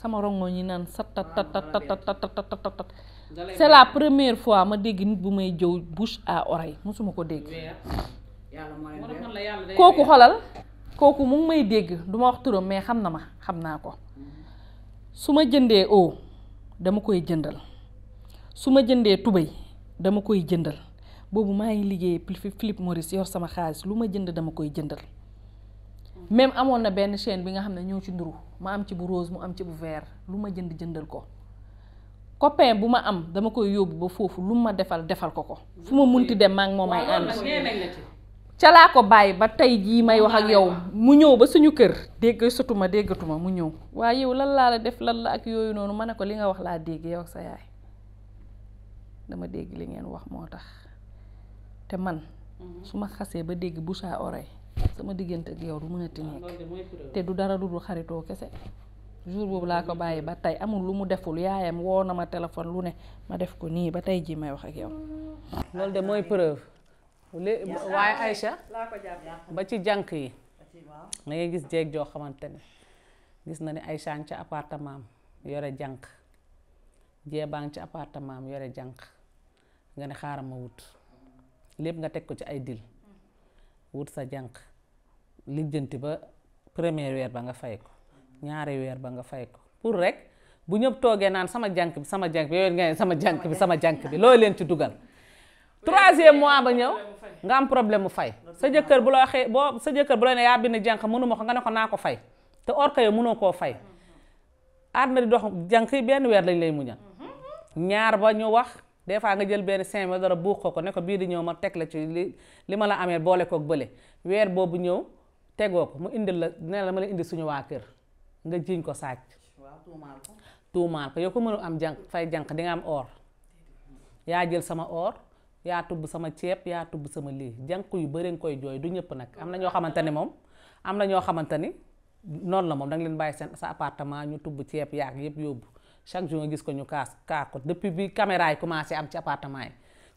sama rongo ñi naan satatatatatatatatatatat c'est la première fois ma dégg nit bu may jëw bouche à oreille musuma ko dégg koku xolal mung mu ngi may dégg duma wax turam mais xamna ma xamna ko mm-hmm. suma jëndé o dama koy jëndal su ma jëndee tubéy dama koy jëndal boobu maa ngi liggéey Philip Morris yor sama xaalis lu ma jënd dama koy jëndal même amoon na benn chaine bi nga xam ne ñoo ci nduru ma am ci bu rose mu am ci bu vert lu ma jënd jëndal ko copain bu ma am dama koy yóbbu ba foofu lu ma defal defal ko ko fu ma munti dem maa ngi moom ay ànd ca laa ko bàyyi ba tey jii may wax ak yow mu ñëw ba suñu kër dégg déggatuma mu ñëw waaye yow lan laa la def lan la ak yooyu noonu ma ne ko li nga wax laa dégg yow ak sa yaay dama dégg li ngeen wax moo tax te man mhm. su ma xasee ba dégg bu à oreille sama diggante ak yow du mënati ah, nekk te du dara dudul xaritoo kese jour boobu laa ko bàyyi ba tey amul lu mu deful yaayam woo na ma téléphone lu ne ma def ko nii ba tey jii may wax ak yow. léegi waaye ah, Aïcha ba ci jànq yi da ngay gis jeeg joo xamante gis na ne Aïcha ngi ci appartement yore jànq jeebaa ngi ci appartement yore jànq nga ne xaaral ma wut lépp nga teg ko ci ay dil wut sa jànq lijjanti ba premier weer ba nga fay ko ñaari weer ba nga fay ko pour rek bu ñëpp toogee naan sama jànq bi sama jànq bi yooyu nga sama jànq bi sama jànq bi looy leen ci dugal troisième mois ba ñëw nga am problème mu fay sa jëkkër bu la waxee boo sa jëkkër bu la ne yaa bind jànq mënuma ko nga ne ko naa ko fay te or que mënoo koo fay àdduna di dox jànq yi benn weer lañ lay muñal ñaar ba ñu wax des fois nga jël benn cinq mille dara ko ko ko bii di ñëw ma teg la ci li li ma la amee boole koog bële weer boobu ñëw tegoo mu indil la ne la ma la indi suñu waa kër nga jiñ ko sàcc tuumaal ko yow ko mënu am jànq fay jànq di nga am or yaa jël sama or yaa tubb sama ceeb yaa tubb sama lii jànq yu bëri nga koy jooy du ñëpp nag am na ñoo xamante ni moom am na ñoo xamante ni noonu la moom da leen bàyyi seen sa appartement ñu tubb ceeb yaag yëpp yóbbu chaque jour gis ko ñu kaas kaar ko bi caméra commencé am ci appartement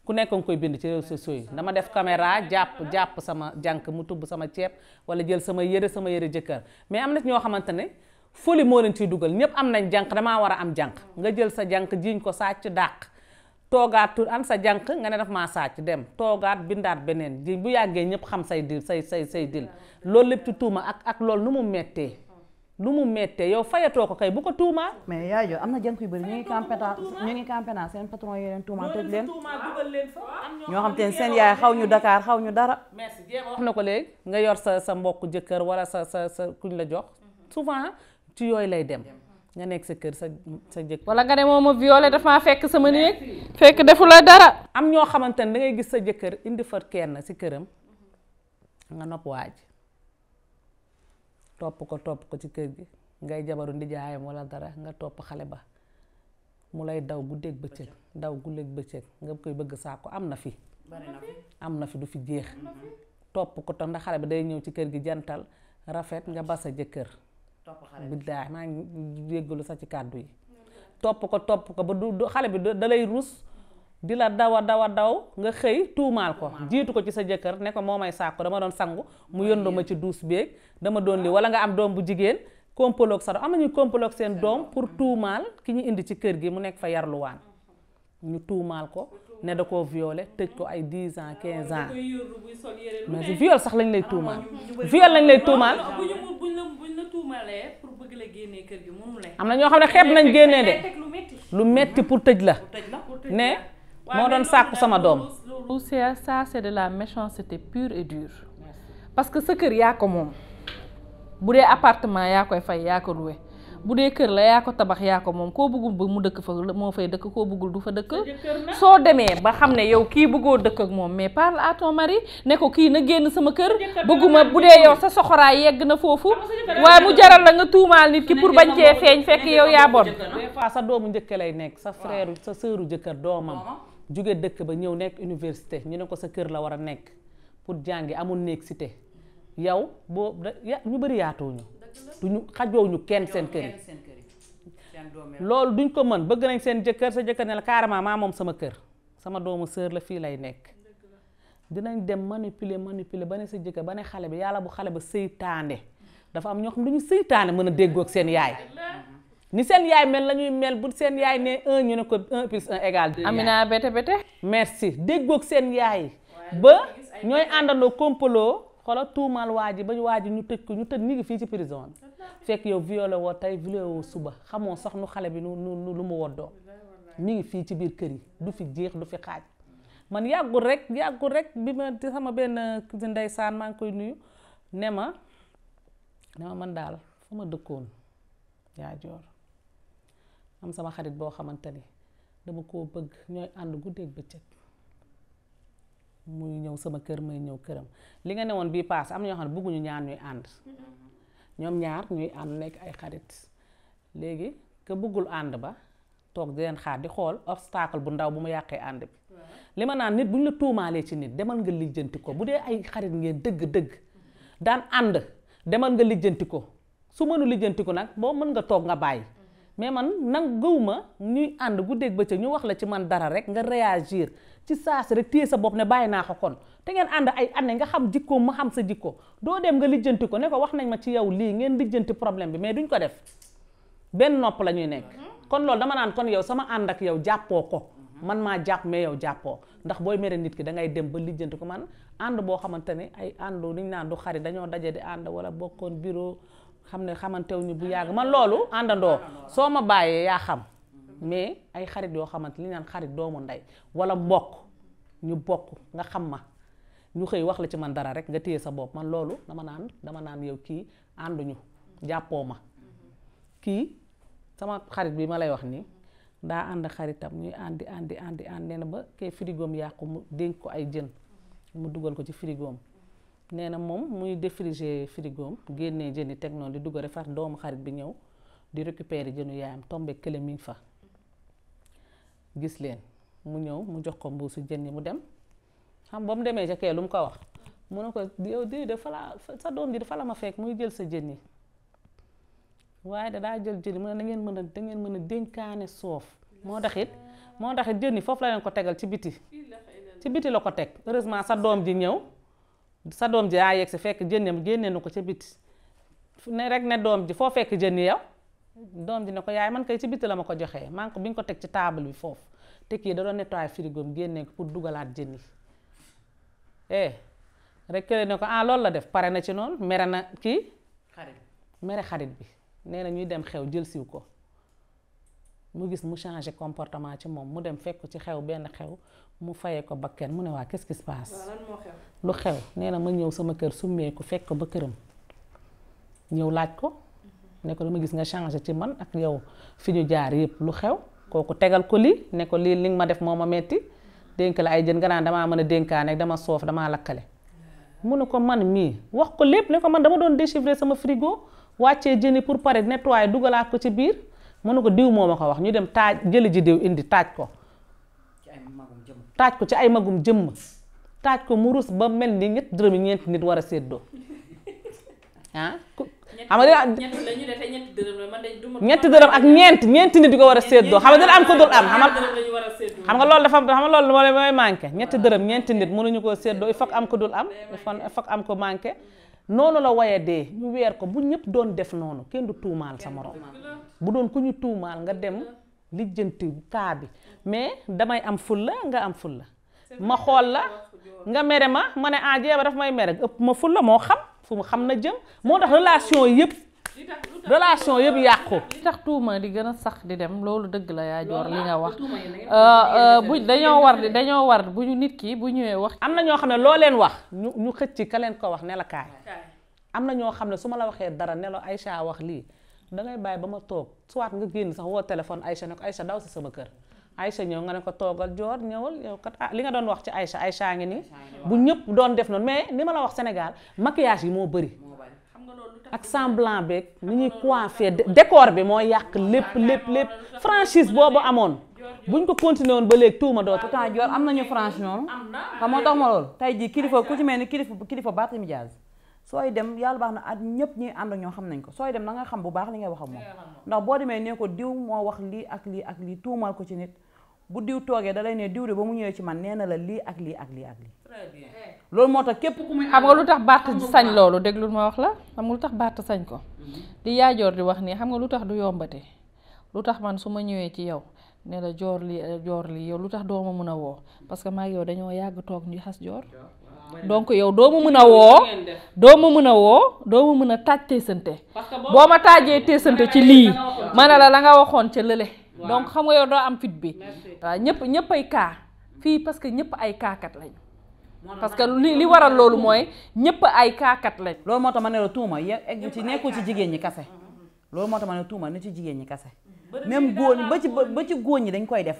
ku nekk koy bind ci réseaux sociaux yi dama def caméra jàpp jàpp sama jànq mu tubb sama ceeb wala jël sama yëre sama yëre jëkkër mais am na ñoo xamante ne foli moo leen ciy dugal ñëpp am nañ jànq damaa war a am jànq nga jël sa jànq jiiñ ko sàcc dàq toogaat tur sa jànq nga ne daf maa sàcc dem toogaat bindaat beneen ji bu yàggee ñëpp xam say dil say say say dil loolu lépp ci tuuma ak ak loolu nu mu mettee lu mu mettee yow fayatoo ko kay bu ko tuumaa mais yaajo am na jànk yu bëri ñu ngi campé ngi campé seen patron yi leen leen ñoo xam te seen yaay xaw ñu Dakar xaw ñu dara merci wax na ko léegi nga yor sa sa mbokk jëkkër wala sa sa sa kuñ la jox mm-hmm. souvent ci yooyu lay dem nga nek sa keur sa sa jek wala nga ne moo violer dafa fekk sama néeg fekk defu la dara am ño xamantene da ngay gis sa jekeur indi fa kenn ci keuram nga nop waaj top ko top ko ci keur gi ngay jabaru ndijaayam wala dara nga top xale ba mu lay daw guddeeg bëccëg daw guddeeg bëccëg nga koy bëgg saako am na fi am na fi du fi jeex top ko toog ndax xale ba day ñew ci keur gi jantal rafet nga ba sa jekeur billaahi maa ngi jéggalu sax ci kàddu yi topp ko topp ko ba du xale bi da lay rus di la dawa dawa daw nga xëy tuumaal ko jiitu ko ci sa jëkkër ne ko moo may sàkku dama doon sangu mu yëndu ma ci duus beeg dama doon lii wala nga am doom bu jigéen kompaloog sa doom am na ñu kompaloog seen doom pour tuumaal ki ñu indi ci kër gi mu nekk fa yarluwaan ñu tuumaal ko ne da ko violé tej ko ay 10 ans 15 ans mais viol sax lañ lay ah, tuumaal. viol lañ lay buñ la la pour bëgg kër tuumaal. am lay amna ño xamné xépp nañ génnee dé lu metti lu metti pour tej la. né mo doon sàkku sama doom. ça c'est de la méchanceté pure et dure. parce que ce kër ya ko mom boudé appartement ya koy fay ya ko loué. bu dee kër la yaa ko tabax yaa ko moom koo bëggul ba mu dëkk fa moo fay dëkk koo bëggul du fa dëkk soo demee ba xam ne yow kii bëggoo dëkk ak moom mais parle à ton mari ne ko kii na génn sama kër bëgguma bu dee sa soxoraay yegg na foofu waaye mu jaral la nga tuumaal nit ki pour bañ cee feeñ fekk yow yaa bon sa doomu njëkk lay nekk sa frère sa sœuru jëkkër doomam jóge dëkk ba ñëw nekk université ñu ne ko sa kër la war a nekk pour jàngi amul néeg cité yow boo ñu bëri yaatoo duñu ñu kenn seen kër yi loolu duñ ko mën bëgg nañ seen jëkkër sa jëkkër ne la carrément maa moom sama kër sama doomu sœur la fii lay nekk dinañ dem manipule manipule ba ne sa jëkkër ba ne xale bi yàlla bu xale ba seytaane dafa am ñoo xam duñu seytaane mën a déggoo seen yaay ni seen yaay mel la ñuy mel bu seen yaay ne un ñu ne ko un plus un égal deux Amina bete bete merci déggoog seen yaay ba ñooy àndandoo kompaloo xoolal tuumaal waa ji ba waa ji ñu tëj ko ñu tëj ñu ngi fii ci prison fekk yow violé woo tey violé suba xamoo sox nu xale bi nu nu lu mu woddoo ñu ngi fii ci biir kër yi du fi jeex du fi xaaj man yàggul rek yàggul rek bi ma sama benn ndeysaan maa ngi koy nuyu ne ma ne ma man daal fu ma dëkkoon yaa am sama xarit boo xamante ni dama koo bëgg ñooy ànd guddeeg bëccëg muy ñew sama kër may ñew kërëm li nga néwon bi pass am na ñoo xam ne ñu ñaan ñuy and ñom ñaar ñuy ànd nek ay xarit légui ke bëggul and ba tok di len xaar di xol obstacle bu ndaw bu mu yaqé and bi lima ma naan nit buñ la tuumaalee ci nit demal nga lijeenti ko budé ay xarit ngeen deug deug daan and demal nga lijeenti ko su mënu lijeenti ko nak bo mën nga tok nga bay mm-hmm. mais man nang gëwuma ñuy ñu wax la ci man dara rek nga réagir ci saasi rek téye sa bopp ne bàyyi naa ko kon te ngeen ànd ay année nga xam jikkoom ma xam sa jikko doo dem nga lijjanti ko ne ko wax nañ ma ci yow lii ngeen lijjanti problème bi mais duñ ko def benn nopp la ñuy nekk mhm. kon loolu dama naan kon yow sama ànd ak yow jàppoo ko man maa jàpp mais yow jàppoo ndax booy mere nit ki da ngay dem ba lijjanti ko man ànd boo xamante ne ay ànd lu naan du xarit dañoo daje di ànd wala bokkoon bureau xam ne xamantew ñu bu ah, yàgg man loolu àndandoo soo ma bàyyee yaa xam mais ay xarit yoo xamante li naan xarit doomu ndey wala mbokk ñu bokk nga xam ma ñu xëy wax la ci man dara rek nga téye sa bopp man loolu dama naan dama naan yow kii ànduñu jàppoo ma ki, sama xarit bi ma lay wax nii daa ànd xaritam ñuy àndi àndi àndi ànd nee na ke kee frigoom yàqu mu dénk ko ay jën mu dugal ko ci frigoom nee na moom muy défriger frigoom génnee jën yi teg noonu di dugg refar doomu xarit bi ñëw di récupérer jënu yaayam tombe kële mi fa gis leen mu ñëw mu jox ko mbuusu jën yi mu dem xam ba mu demee ca kee lu mu ko wax mu ne ko yow di de fala sa doom ji dafa la ma fekk muy jël sa jën yi waaye da daa jël jën yi mu ne da ngeen mën a da mën a dénkaane soof moo tax it moo tax it jën yi foofu la leen ko tegal ci biti ci biti la ko teg heureusement sa doom ji ñëw sa doom ji yaa yegg fekk jën yi génne na ko ca biti ne rek ne doom ji foo fekk jën yi yow doom ji ne ko yaay man kay ci bitti la ma ko joxee man ko bi ñu ko teg ci table bi foofu te kii da doon nettoyer frigo bi génne ko pour dugalaat jën yi eh rek kële ne ko ah loolu la def pare na ci noonu mere na kii. xarit mere xarit bi nee na ñuy dem xew jël siw ko. mu gis mu changé comportement ci moom mu dem fekk ci xew benn xew mu fayee ko ba kenn mu ne waa qu'est-ce qui lu xew nee na ma ñëw sama kër summeeku fekk ko ba këram ñëw laaj ko ne ko dama gis nga changé ci man ak yow fi ñu jaar yëpp lu xew kooku tegal ko li ne ko lii li nga ma def moo ma metti dénk la ay jën nga naan damaa mën a dénkaane dama soof damaa lakkale mu ne ko man mii wax ko lépp ne man dama doon déchiffrer sama frigo wàccee jëni pour pare nettoyer dugalaat ko ci biir mu ne ko diw moo ma ko wax ñu dem taaj jëli ji diw indi taaj ko taaj ko ci ay magum jëmm taaj ko mu rus ba mel ni ñett dërëmi ñeenti nit war a séddoo ah xam nga dina am ñetti dërëm ak ñeent ñeenti nit di ko war a séddoo xam nga dina am ko am xam nga xam nga loolu dafa xam nga loolu mooy mooy manqué ñetti dërëm ñeenti nit mënuñu koo seddoo il faut am ko dul am il faut am ko manqué noonu la waye dee ñu weer ko bu ñëpp doon def noonu kenn du tuumaal sa morom bu doon ku ñu tuumaal nga dem lijjanti kaa bi mais damay am fulla nga am fulla ma xool la nga mere ma ma ne ah jeeba daf may mere ëpp ma fulla moo xam fu mu xam na jëm moo tax relation yëpp relation yëpp yàqu li tax tuuma di gën a sax di dem loolu dëgg la yaa joor li nga wax euh, euh, bu dañoo war di dañoo war bu ñu nit kii bu ñëwee wax am na ñoo xam ne loo leen wax ñu ñu xëcc ka leen ko wax nela la kaay am na ñoo xam ne su ma la waxee dara ne la Aïcha wax lii dangay bàyyi ba ma toog soit nga génn sax woo téléphone Aïcha ne ko Aïcha daw si sama kër Aïcha ñëw nga ne ko toogal joor ñëwal yow kat ah li nga doon wax ci Aïcha Aïcha ngi nii bu ñëpp doon def noonu mais ni ma la wax Sénégal maquillage yi moo bëri ak samblan beeg ni ñuy coiffé décor bi moo yàq lépp lépp lépp franchise boobu amoon bu ñu ko continué woon ba léegi tuuma doot pourtant joor am nañu franchise noonu xam moo tax ma loolu tey jii kilifa ku ci mel ni kilifa kilifa Barthélémy Dias soy dem yalla baxna ad at ñëpp ñuy ànd ak ñoo xam nañ ko soy dem na nga xam bu baax li ngay wax ak mom ndax bo demé nee ko diw mo wax li ak li ak lii tuumal ko ci nit bu diw toogee da lay ne diw de ba mu ñëw ci man nee la li ak li ak li ak lii eh. loolu moo tax képp ku muy am nga lu tax Barth sañ loolu lu ma wax la am lu tax ta sañ ko di mm-hmm. ya jor di wax ni xam nga lu tax du yombaté lu tax man suma ñëwé ci yow ne la jor li jor li yow lu tax doo ma mën a parce que maa yow dañoo yag tok ñu xas jor donc yow doo ma mën a woo doo ma mën a woo doo ma mën a taaj teesante boo ma taajee teesante ci lii ma ne la la nga waxoon ca lële donc xam nga yow doo am fit bi waaw ñëpp ñëpp ay kaa fii parce que ñëpp ay kaakat lañ parce que li li waral loolu mooy ñëpp ay kaakat lañ loolu moo tax ma ne la tuuma yegg ci nekkul ci jigéen ñi kase mm-hmm. loolu moo tax ma ne tuuma ni ci jigéen ñi kase mm-hmm. même góor ba ci ba ci góor ñi dañ koy def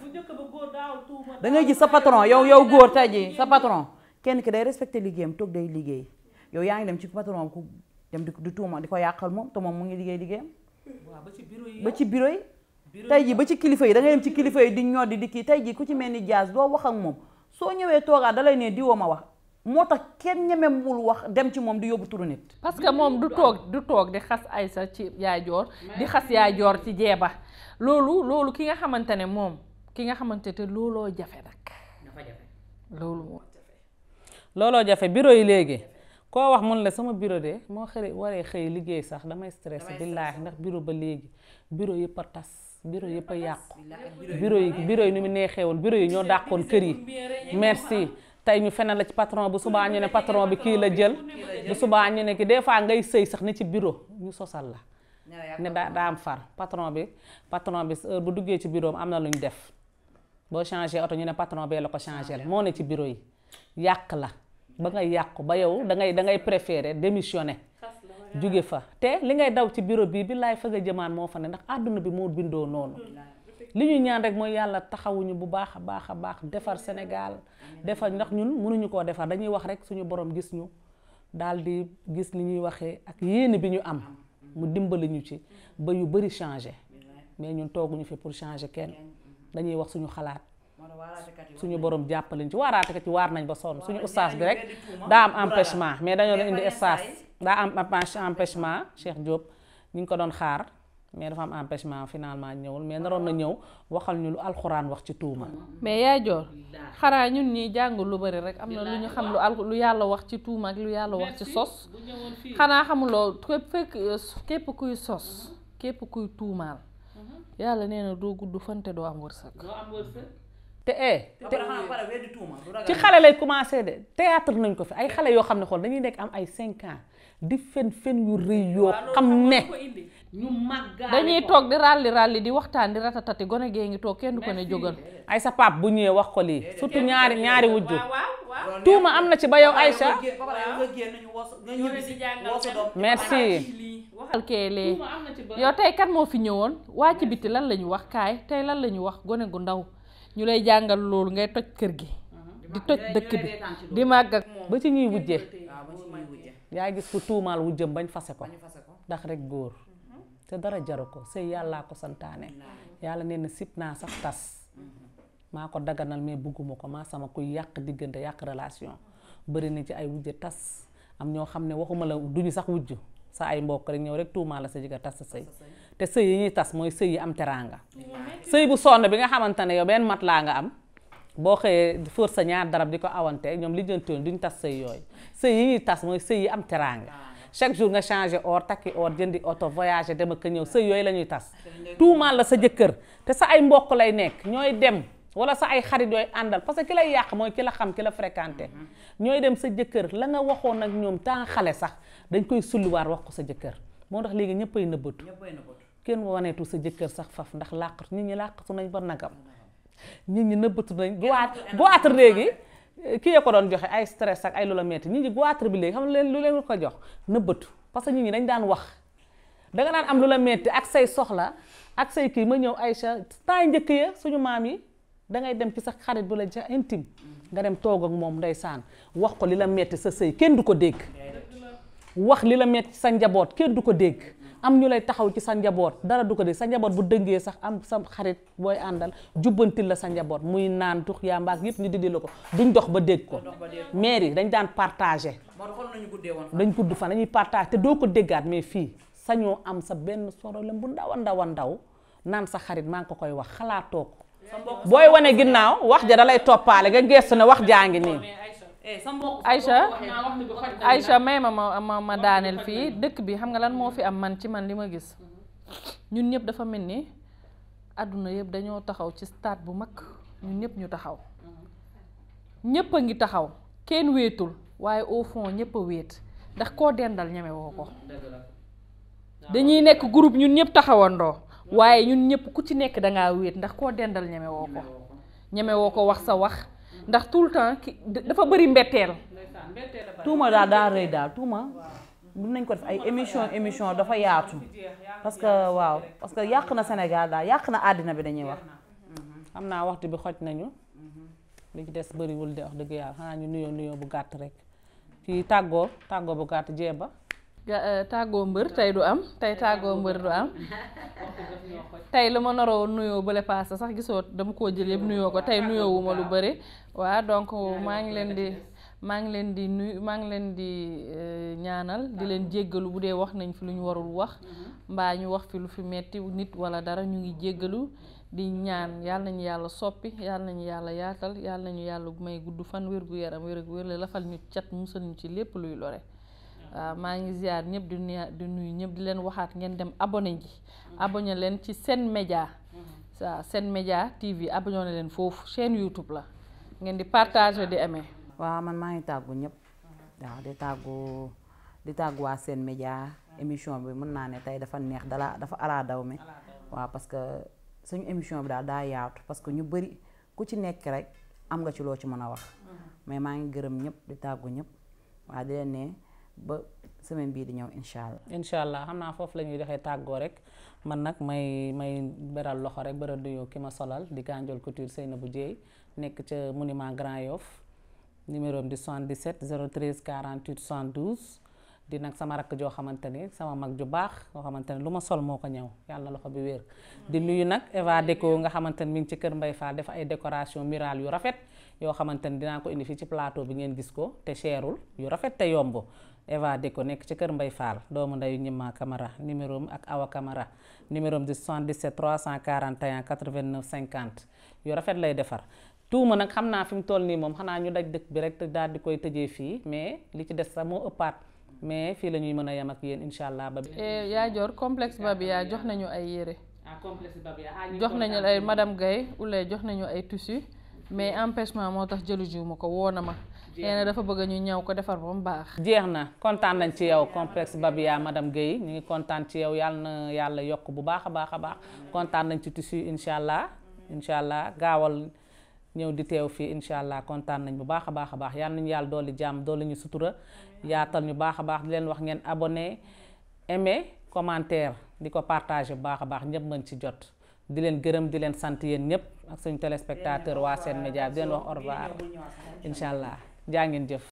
da ngay gis sa patron yow yow góor tey ji sa patron kenn ki day respecté liggéeyam toog day liggéey yow yaa ngi dem ci patron ku dem di di tuuma di ko yàqal moom te moom mu ngi liggéey liggéeyam. waaw ba ci bureau yi ba ci bureau yi. tey jii ba ci kilifa yi da ngay dem ci kilifa yi di ñoo di kii tey jii ku ci mel ni jaas doo wax ak moom soo ñëwee toogaa dalay nee ne diwoo ma wax moo tax kenn ñemewul wax dem ci moom di yóbbu turu nit. parce que moom du toog du toog di xas sa ci yaay joor di xas yaay joor ci jeeba loolu loolu ki nga xamante ne moom ki nga xamante te looloo jafe nag. dafa jafe loolu looloo jafe bureau yi léegi koo wax mun la sama bureau de moo xëy waree xëy liggéey sax damay stress billaahi ndax bureau ba léegi bureau yëpp a tas bureau yëpp a yàqu bureau yi bureau yi nu mu neexeewul bureau yi ñoo dàqoon kër yi merci tey ñu feneen la ci patron bu subaa ñu ne patron bi kii la jël bu subaa ñu ne ki des fois ngay sëy sax ne ci bureau ñu sosal la ne daa daa am far patron bi patron bi heure bu duggee ci bureau am na lu ñu def boo changé oto ñu ne patron bee la ko changé moo ne ci bureau yi yàq la ba nga yàqu ba yow da ngay da ngay préférer démissionner jóge fa te li ngay daw ci bureau bii bi laay fa nga moo fa ne ndax àdduna bi moo bindoo noonu li ñuy ñaan rek mooy yàlla taxawuñu bu baax a baax a baax defar Sénégal defar ndax ñun mënuñu koo defar dañuy wax rek suñu borom gis ñu daal di gis ni ñuy waxee ak yéen bi ñu am mu dimbali ñu ci ba yu bëri changer mais ñun tooguñu fi pour changer kenn dañuy wax suñu xalaat suñu borom jàppaliñ ci waaraate ko ci war nañ ba sonn suñu oustaz bi rek da am empêchement mais dañu doon indi ustaas da am empêchement Cheikh Diop ñu ko doon xaar mais dafa am empêchement finalement ñewul mais naroon na ñew waxal ñu lu alcorane wax ci touma mais ya jor xara ñun ñii jang lu bari rek amna lu ñu xam lu lu yalla wax ci touma ak lu yalla wax ci sos xana xamuloo lo fekk kep kuy sos kep kuy toumal mhm. yalla neena do doo gudd fante do am do am wërsëg. te eh. ci xale lay commencé de théâtre nañ ko fi ay xale yoo xam ne xool dañuy nekk am ay cinq di fen fen yu rëy yoo xam ne dañuy toog di ràlli ràlli di waxtaan di ratatati gone gee ngi toog kenn du ko ne jógal ay sa pap bu ñëwee wax ko lii surtout ñaari ñaari wujj tuuma am na ci ba yow Aïcha merci alkeelee yow tey kan moo fi ñëwoon waa ci biti lan la ñu wax kaay tey lan la ñu wax gone gu ndaw ñu lay jàngal loolu ngay toj kër gi di toj dëkk bi di màggat ak ba ci ñuy wujjee yaa gis ku tuumaal wujjëm bañ fase ko ndax rek góor mhm. te dara jaru ko sëy yàllaa ko santaane yàlla nee na sib naa sax tas mhm. maa ko daganal mais bugguma ko maa sama kuy yàq diggante yàq relation bëri na ci ay wujje tas am ñoo xam ne waxuma la duñu sax wujj sa ay mbokk rek ñëw rek tuumaal la sa jëkkër tas sa sëy te sëy yi ñuy tas mooy sëy yi am teraanga sëy bu sonn bi nga xamante ne yow benn mat laa nga am boo xëyee fóor sa ñaar darab di ko awante ñoom li jëntoon duñ tas sëy yooyu sëy yi ñuy tas mooy sëy yi am teraanga ah. chaque jour nga changé or takki or jëndi oto voyage dem ak ñëw sëy yooyu la ñuy tas tuumaal la sa jëkkër te sa ay mbokk lay nekk ñooy dem wala sa ay xarit yooy àndal parce que ki lay yàq mooy ki la xam ki la fréquenté mm-hmm. ñooy dem sa jëkkër la nga waxoon ak ñoom temps xale sax dañ koy sulliwaar wax ko sa jëkkër moo tax léegi ñëppay nëbbatu kenn waneetu sa jëkkër sax faf ndax làqatu nit ñi làqatu nañ ba nagam nit ñi nëbbatu nañ goiatre goiatre léegi ki ya ko doon joxe ay stress ak ay loola metti nit ñi goiatre bi léegi xam leen lu leen ko jox parce que nit ñi dañ daan wax nga am lu la metti ak say soxla ak say ki ma ñëw Aïcha temps njëkk ya suñu maam yi da ngay dem ci sa xarit bu la ja intime nga dem toog ak moom ndeysaan wax ko li la metti sa sëy kenn du ko dégg wax metti sa kenn du ko am ñu lay taxaw ci sa njaboot dara du ko dégg sa njaboot bu dëngee sax am sa xarit booy àndal jubbantil la sa njaboot muy naan tux yaa mbaak yëpp ñu dindi la ko duñ dox ba dégg ko maire yi dañ daan partagé dañ gudd fan dañuy partagé te doo ko déggaat mais fii sañoo am sa benn problème bu ndaw ndawa ndaw a naan sa xarit maa ngi ko koy wax xalaatoo ko booy wane ginnaaw wax ja da lay toppaale nga gestu ne wax jaa ngi nii Aisha, Aisha, may ma ma ma daaneel fii dëkk bi xam fi am man ci man li ma gis mhm. ñun ñëpp dafa mel ni àdduna yëpp dañoo taxaw ci stade bu mag ñun ñëpp ñu taxaw mhm. ñëpp a ngi taxaw kenn wéetul waaye au fond ñëpp a wéet ndax koo dendal ñeme woo ko mhm, dañuy nekk groupe ñun ñëpp taxawandoo waaye ñun ñëpp ku ci nekk dangaa wéet ndax tout le temps ki dafa bëri mbetteel tuuma daal daa rëy daal tuuma mën nañ ko def ay émission émission dafa yaatu parce que waaw parce que yàq na Sénégal daal yàq na àddina bi dañuy wax xam naa waxtu bi xoj nañu li des bëriwul de wax dëgg yàlla xanaa ñu nuyoo nuyoo bu gàtt rek kii tàggoo tàggoo bu gàtt jeeba ga eh, tàggoo mbër tay du am tay tàggoo mbër du am tay luma noro nuyo bele bële sax gisoo dama ko jël yeb nuyo ko tay nuyo wuma lu beure wa donc ma ngi len di ma ngi len di nuyo ma ngi len di eh, ñaanal di len jéggalu budé wax nañ fi luñu warul wax mba ñu wax fi lu fi metti nit wala dara ñu ngi jéggalu di ñaan yalla nañu yalla soppi yalla nañu yalla yaatal yalla nañu yalla may guddu fan wër gu yaram wër gu wër la fal ñu ciat musul ñu ci lepp luy loré Euh, maa ngi ziar ñëpp di nuyu di nuyu ñëpp di leen waxaat ngeen dem abonné ji mm-hmm. abonné leen ci seen média mm-hmm. seen média TV abonné leen foofu chaîne YouTube la ngeen di partager di amee waaw man maa ngi tàggu ñëpp mm-hmm. di tàggu di tàggu waa seen média émission bi mën naa ne tey dafa neex dala dafa alaa daw waaw parce que suñu émission bi daal daa yaatu parce que ñu bëri ku ci nekk rek am nga ci loo ci mën a wax mais maa ngi gërëm ñëpp di tàggu ñëpp waaw di leen ne ba semaine bii di ñëw incha allah. incha allah xam naa foofu la ñuy doxee tàggoo rek man nag may may bëral loxo rek bëral nuyoo ki ma solal di Gandiol na bu Dieye nekk ca monument Grand Yoff numéro am di 77 013 48 72 di nag sama rakk joo xamante ni sama mag ju baax loo xamante ne lu ma sol moo ko ñaw yàlla loxo bi wér. di nuyu nag Eva Déco nga xamante ni mi ngi ci kër Mbay Fall def ay décoration murale yu rafet yoo xamante ni dinaa ko indi fii ci plateau bi ngeen gis ko te cherul yu rafet te yomb. Eva ko nekk ci kër Mbay faal doomu ndeyu Ñima Camara numéro am ak Awa Camara numéro am di 77 341 89 50 yu rafet lay defar tuuma nag xam naa fi mu toll nii moom xanaa ñu daj dëkk bi rek daal di koy tëjee fii mais li ci des sax moo ëppaat mais fii la ñuy mën a yem ak yéen incha allah. ba eh, yaa jor complexe Babia jox nañu ay yére. ah, ah jox nañu ay madame Gaye Oulay jox nañu ay tissu mais empêchement moo tax jëlu jiw ma ko woon na ma. nee dafa bëgg ñu ñëw ko defar ba mu baax. jeex na kontaan nañ ci yow complexe Babia madame Guèye ñu ngi kontaan ci yow yàlla na yàlla yokk bu baax a baax a baax kontaan nañ ci tissu incha allah incha allah gaawal ñëw di teew fii incha allah kontaan nañ bu baax a baax a baax yàlla nañu yàlla dooli jàmm dooli ñu sutura yaatal ñu baax a baax di leen wax ngeen abonné aimé commentaire di ko partage bu baax a baax ñëpp mën ci jot. di leen gërëm di leen sant yéen ñëpp ak suñu téléspectateur waa seen média di leen wax au allah jaa ngeen jëf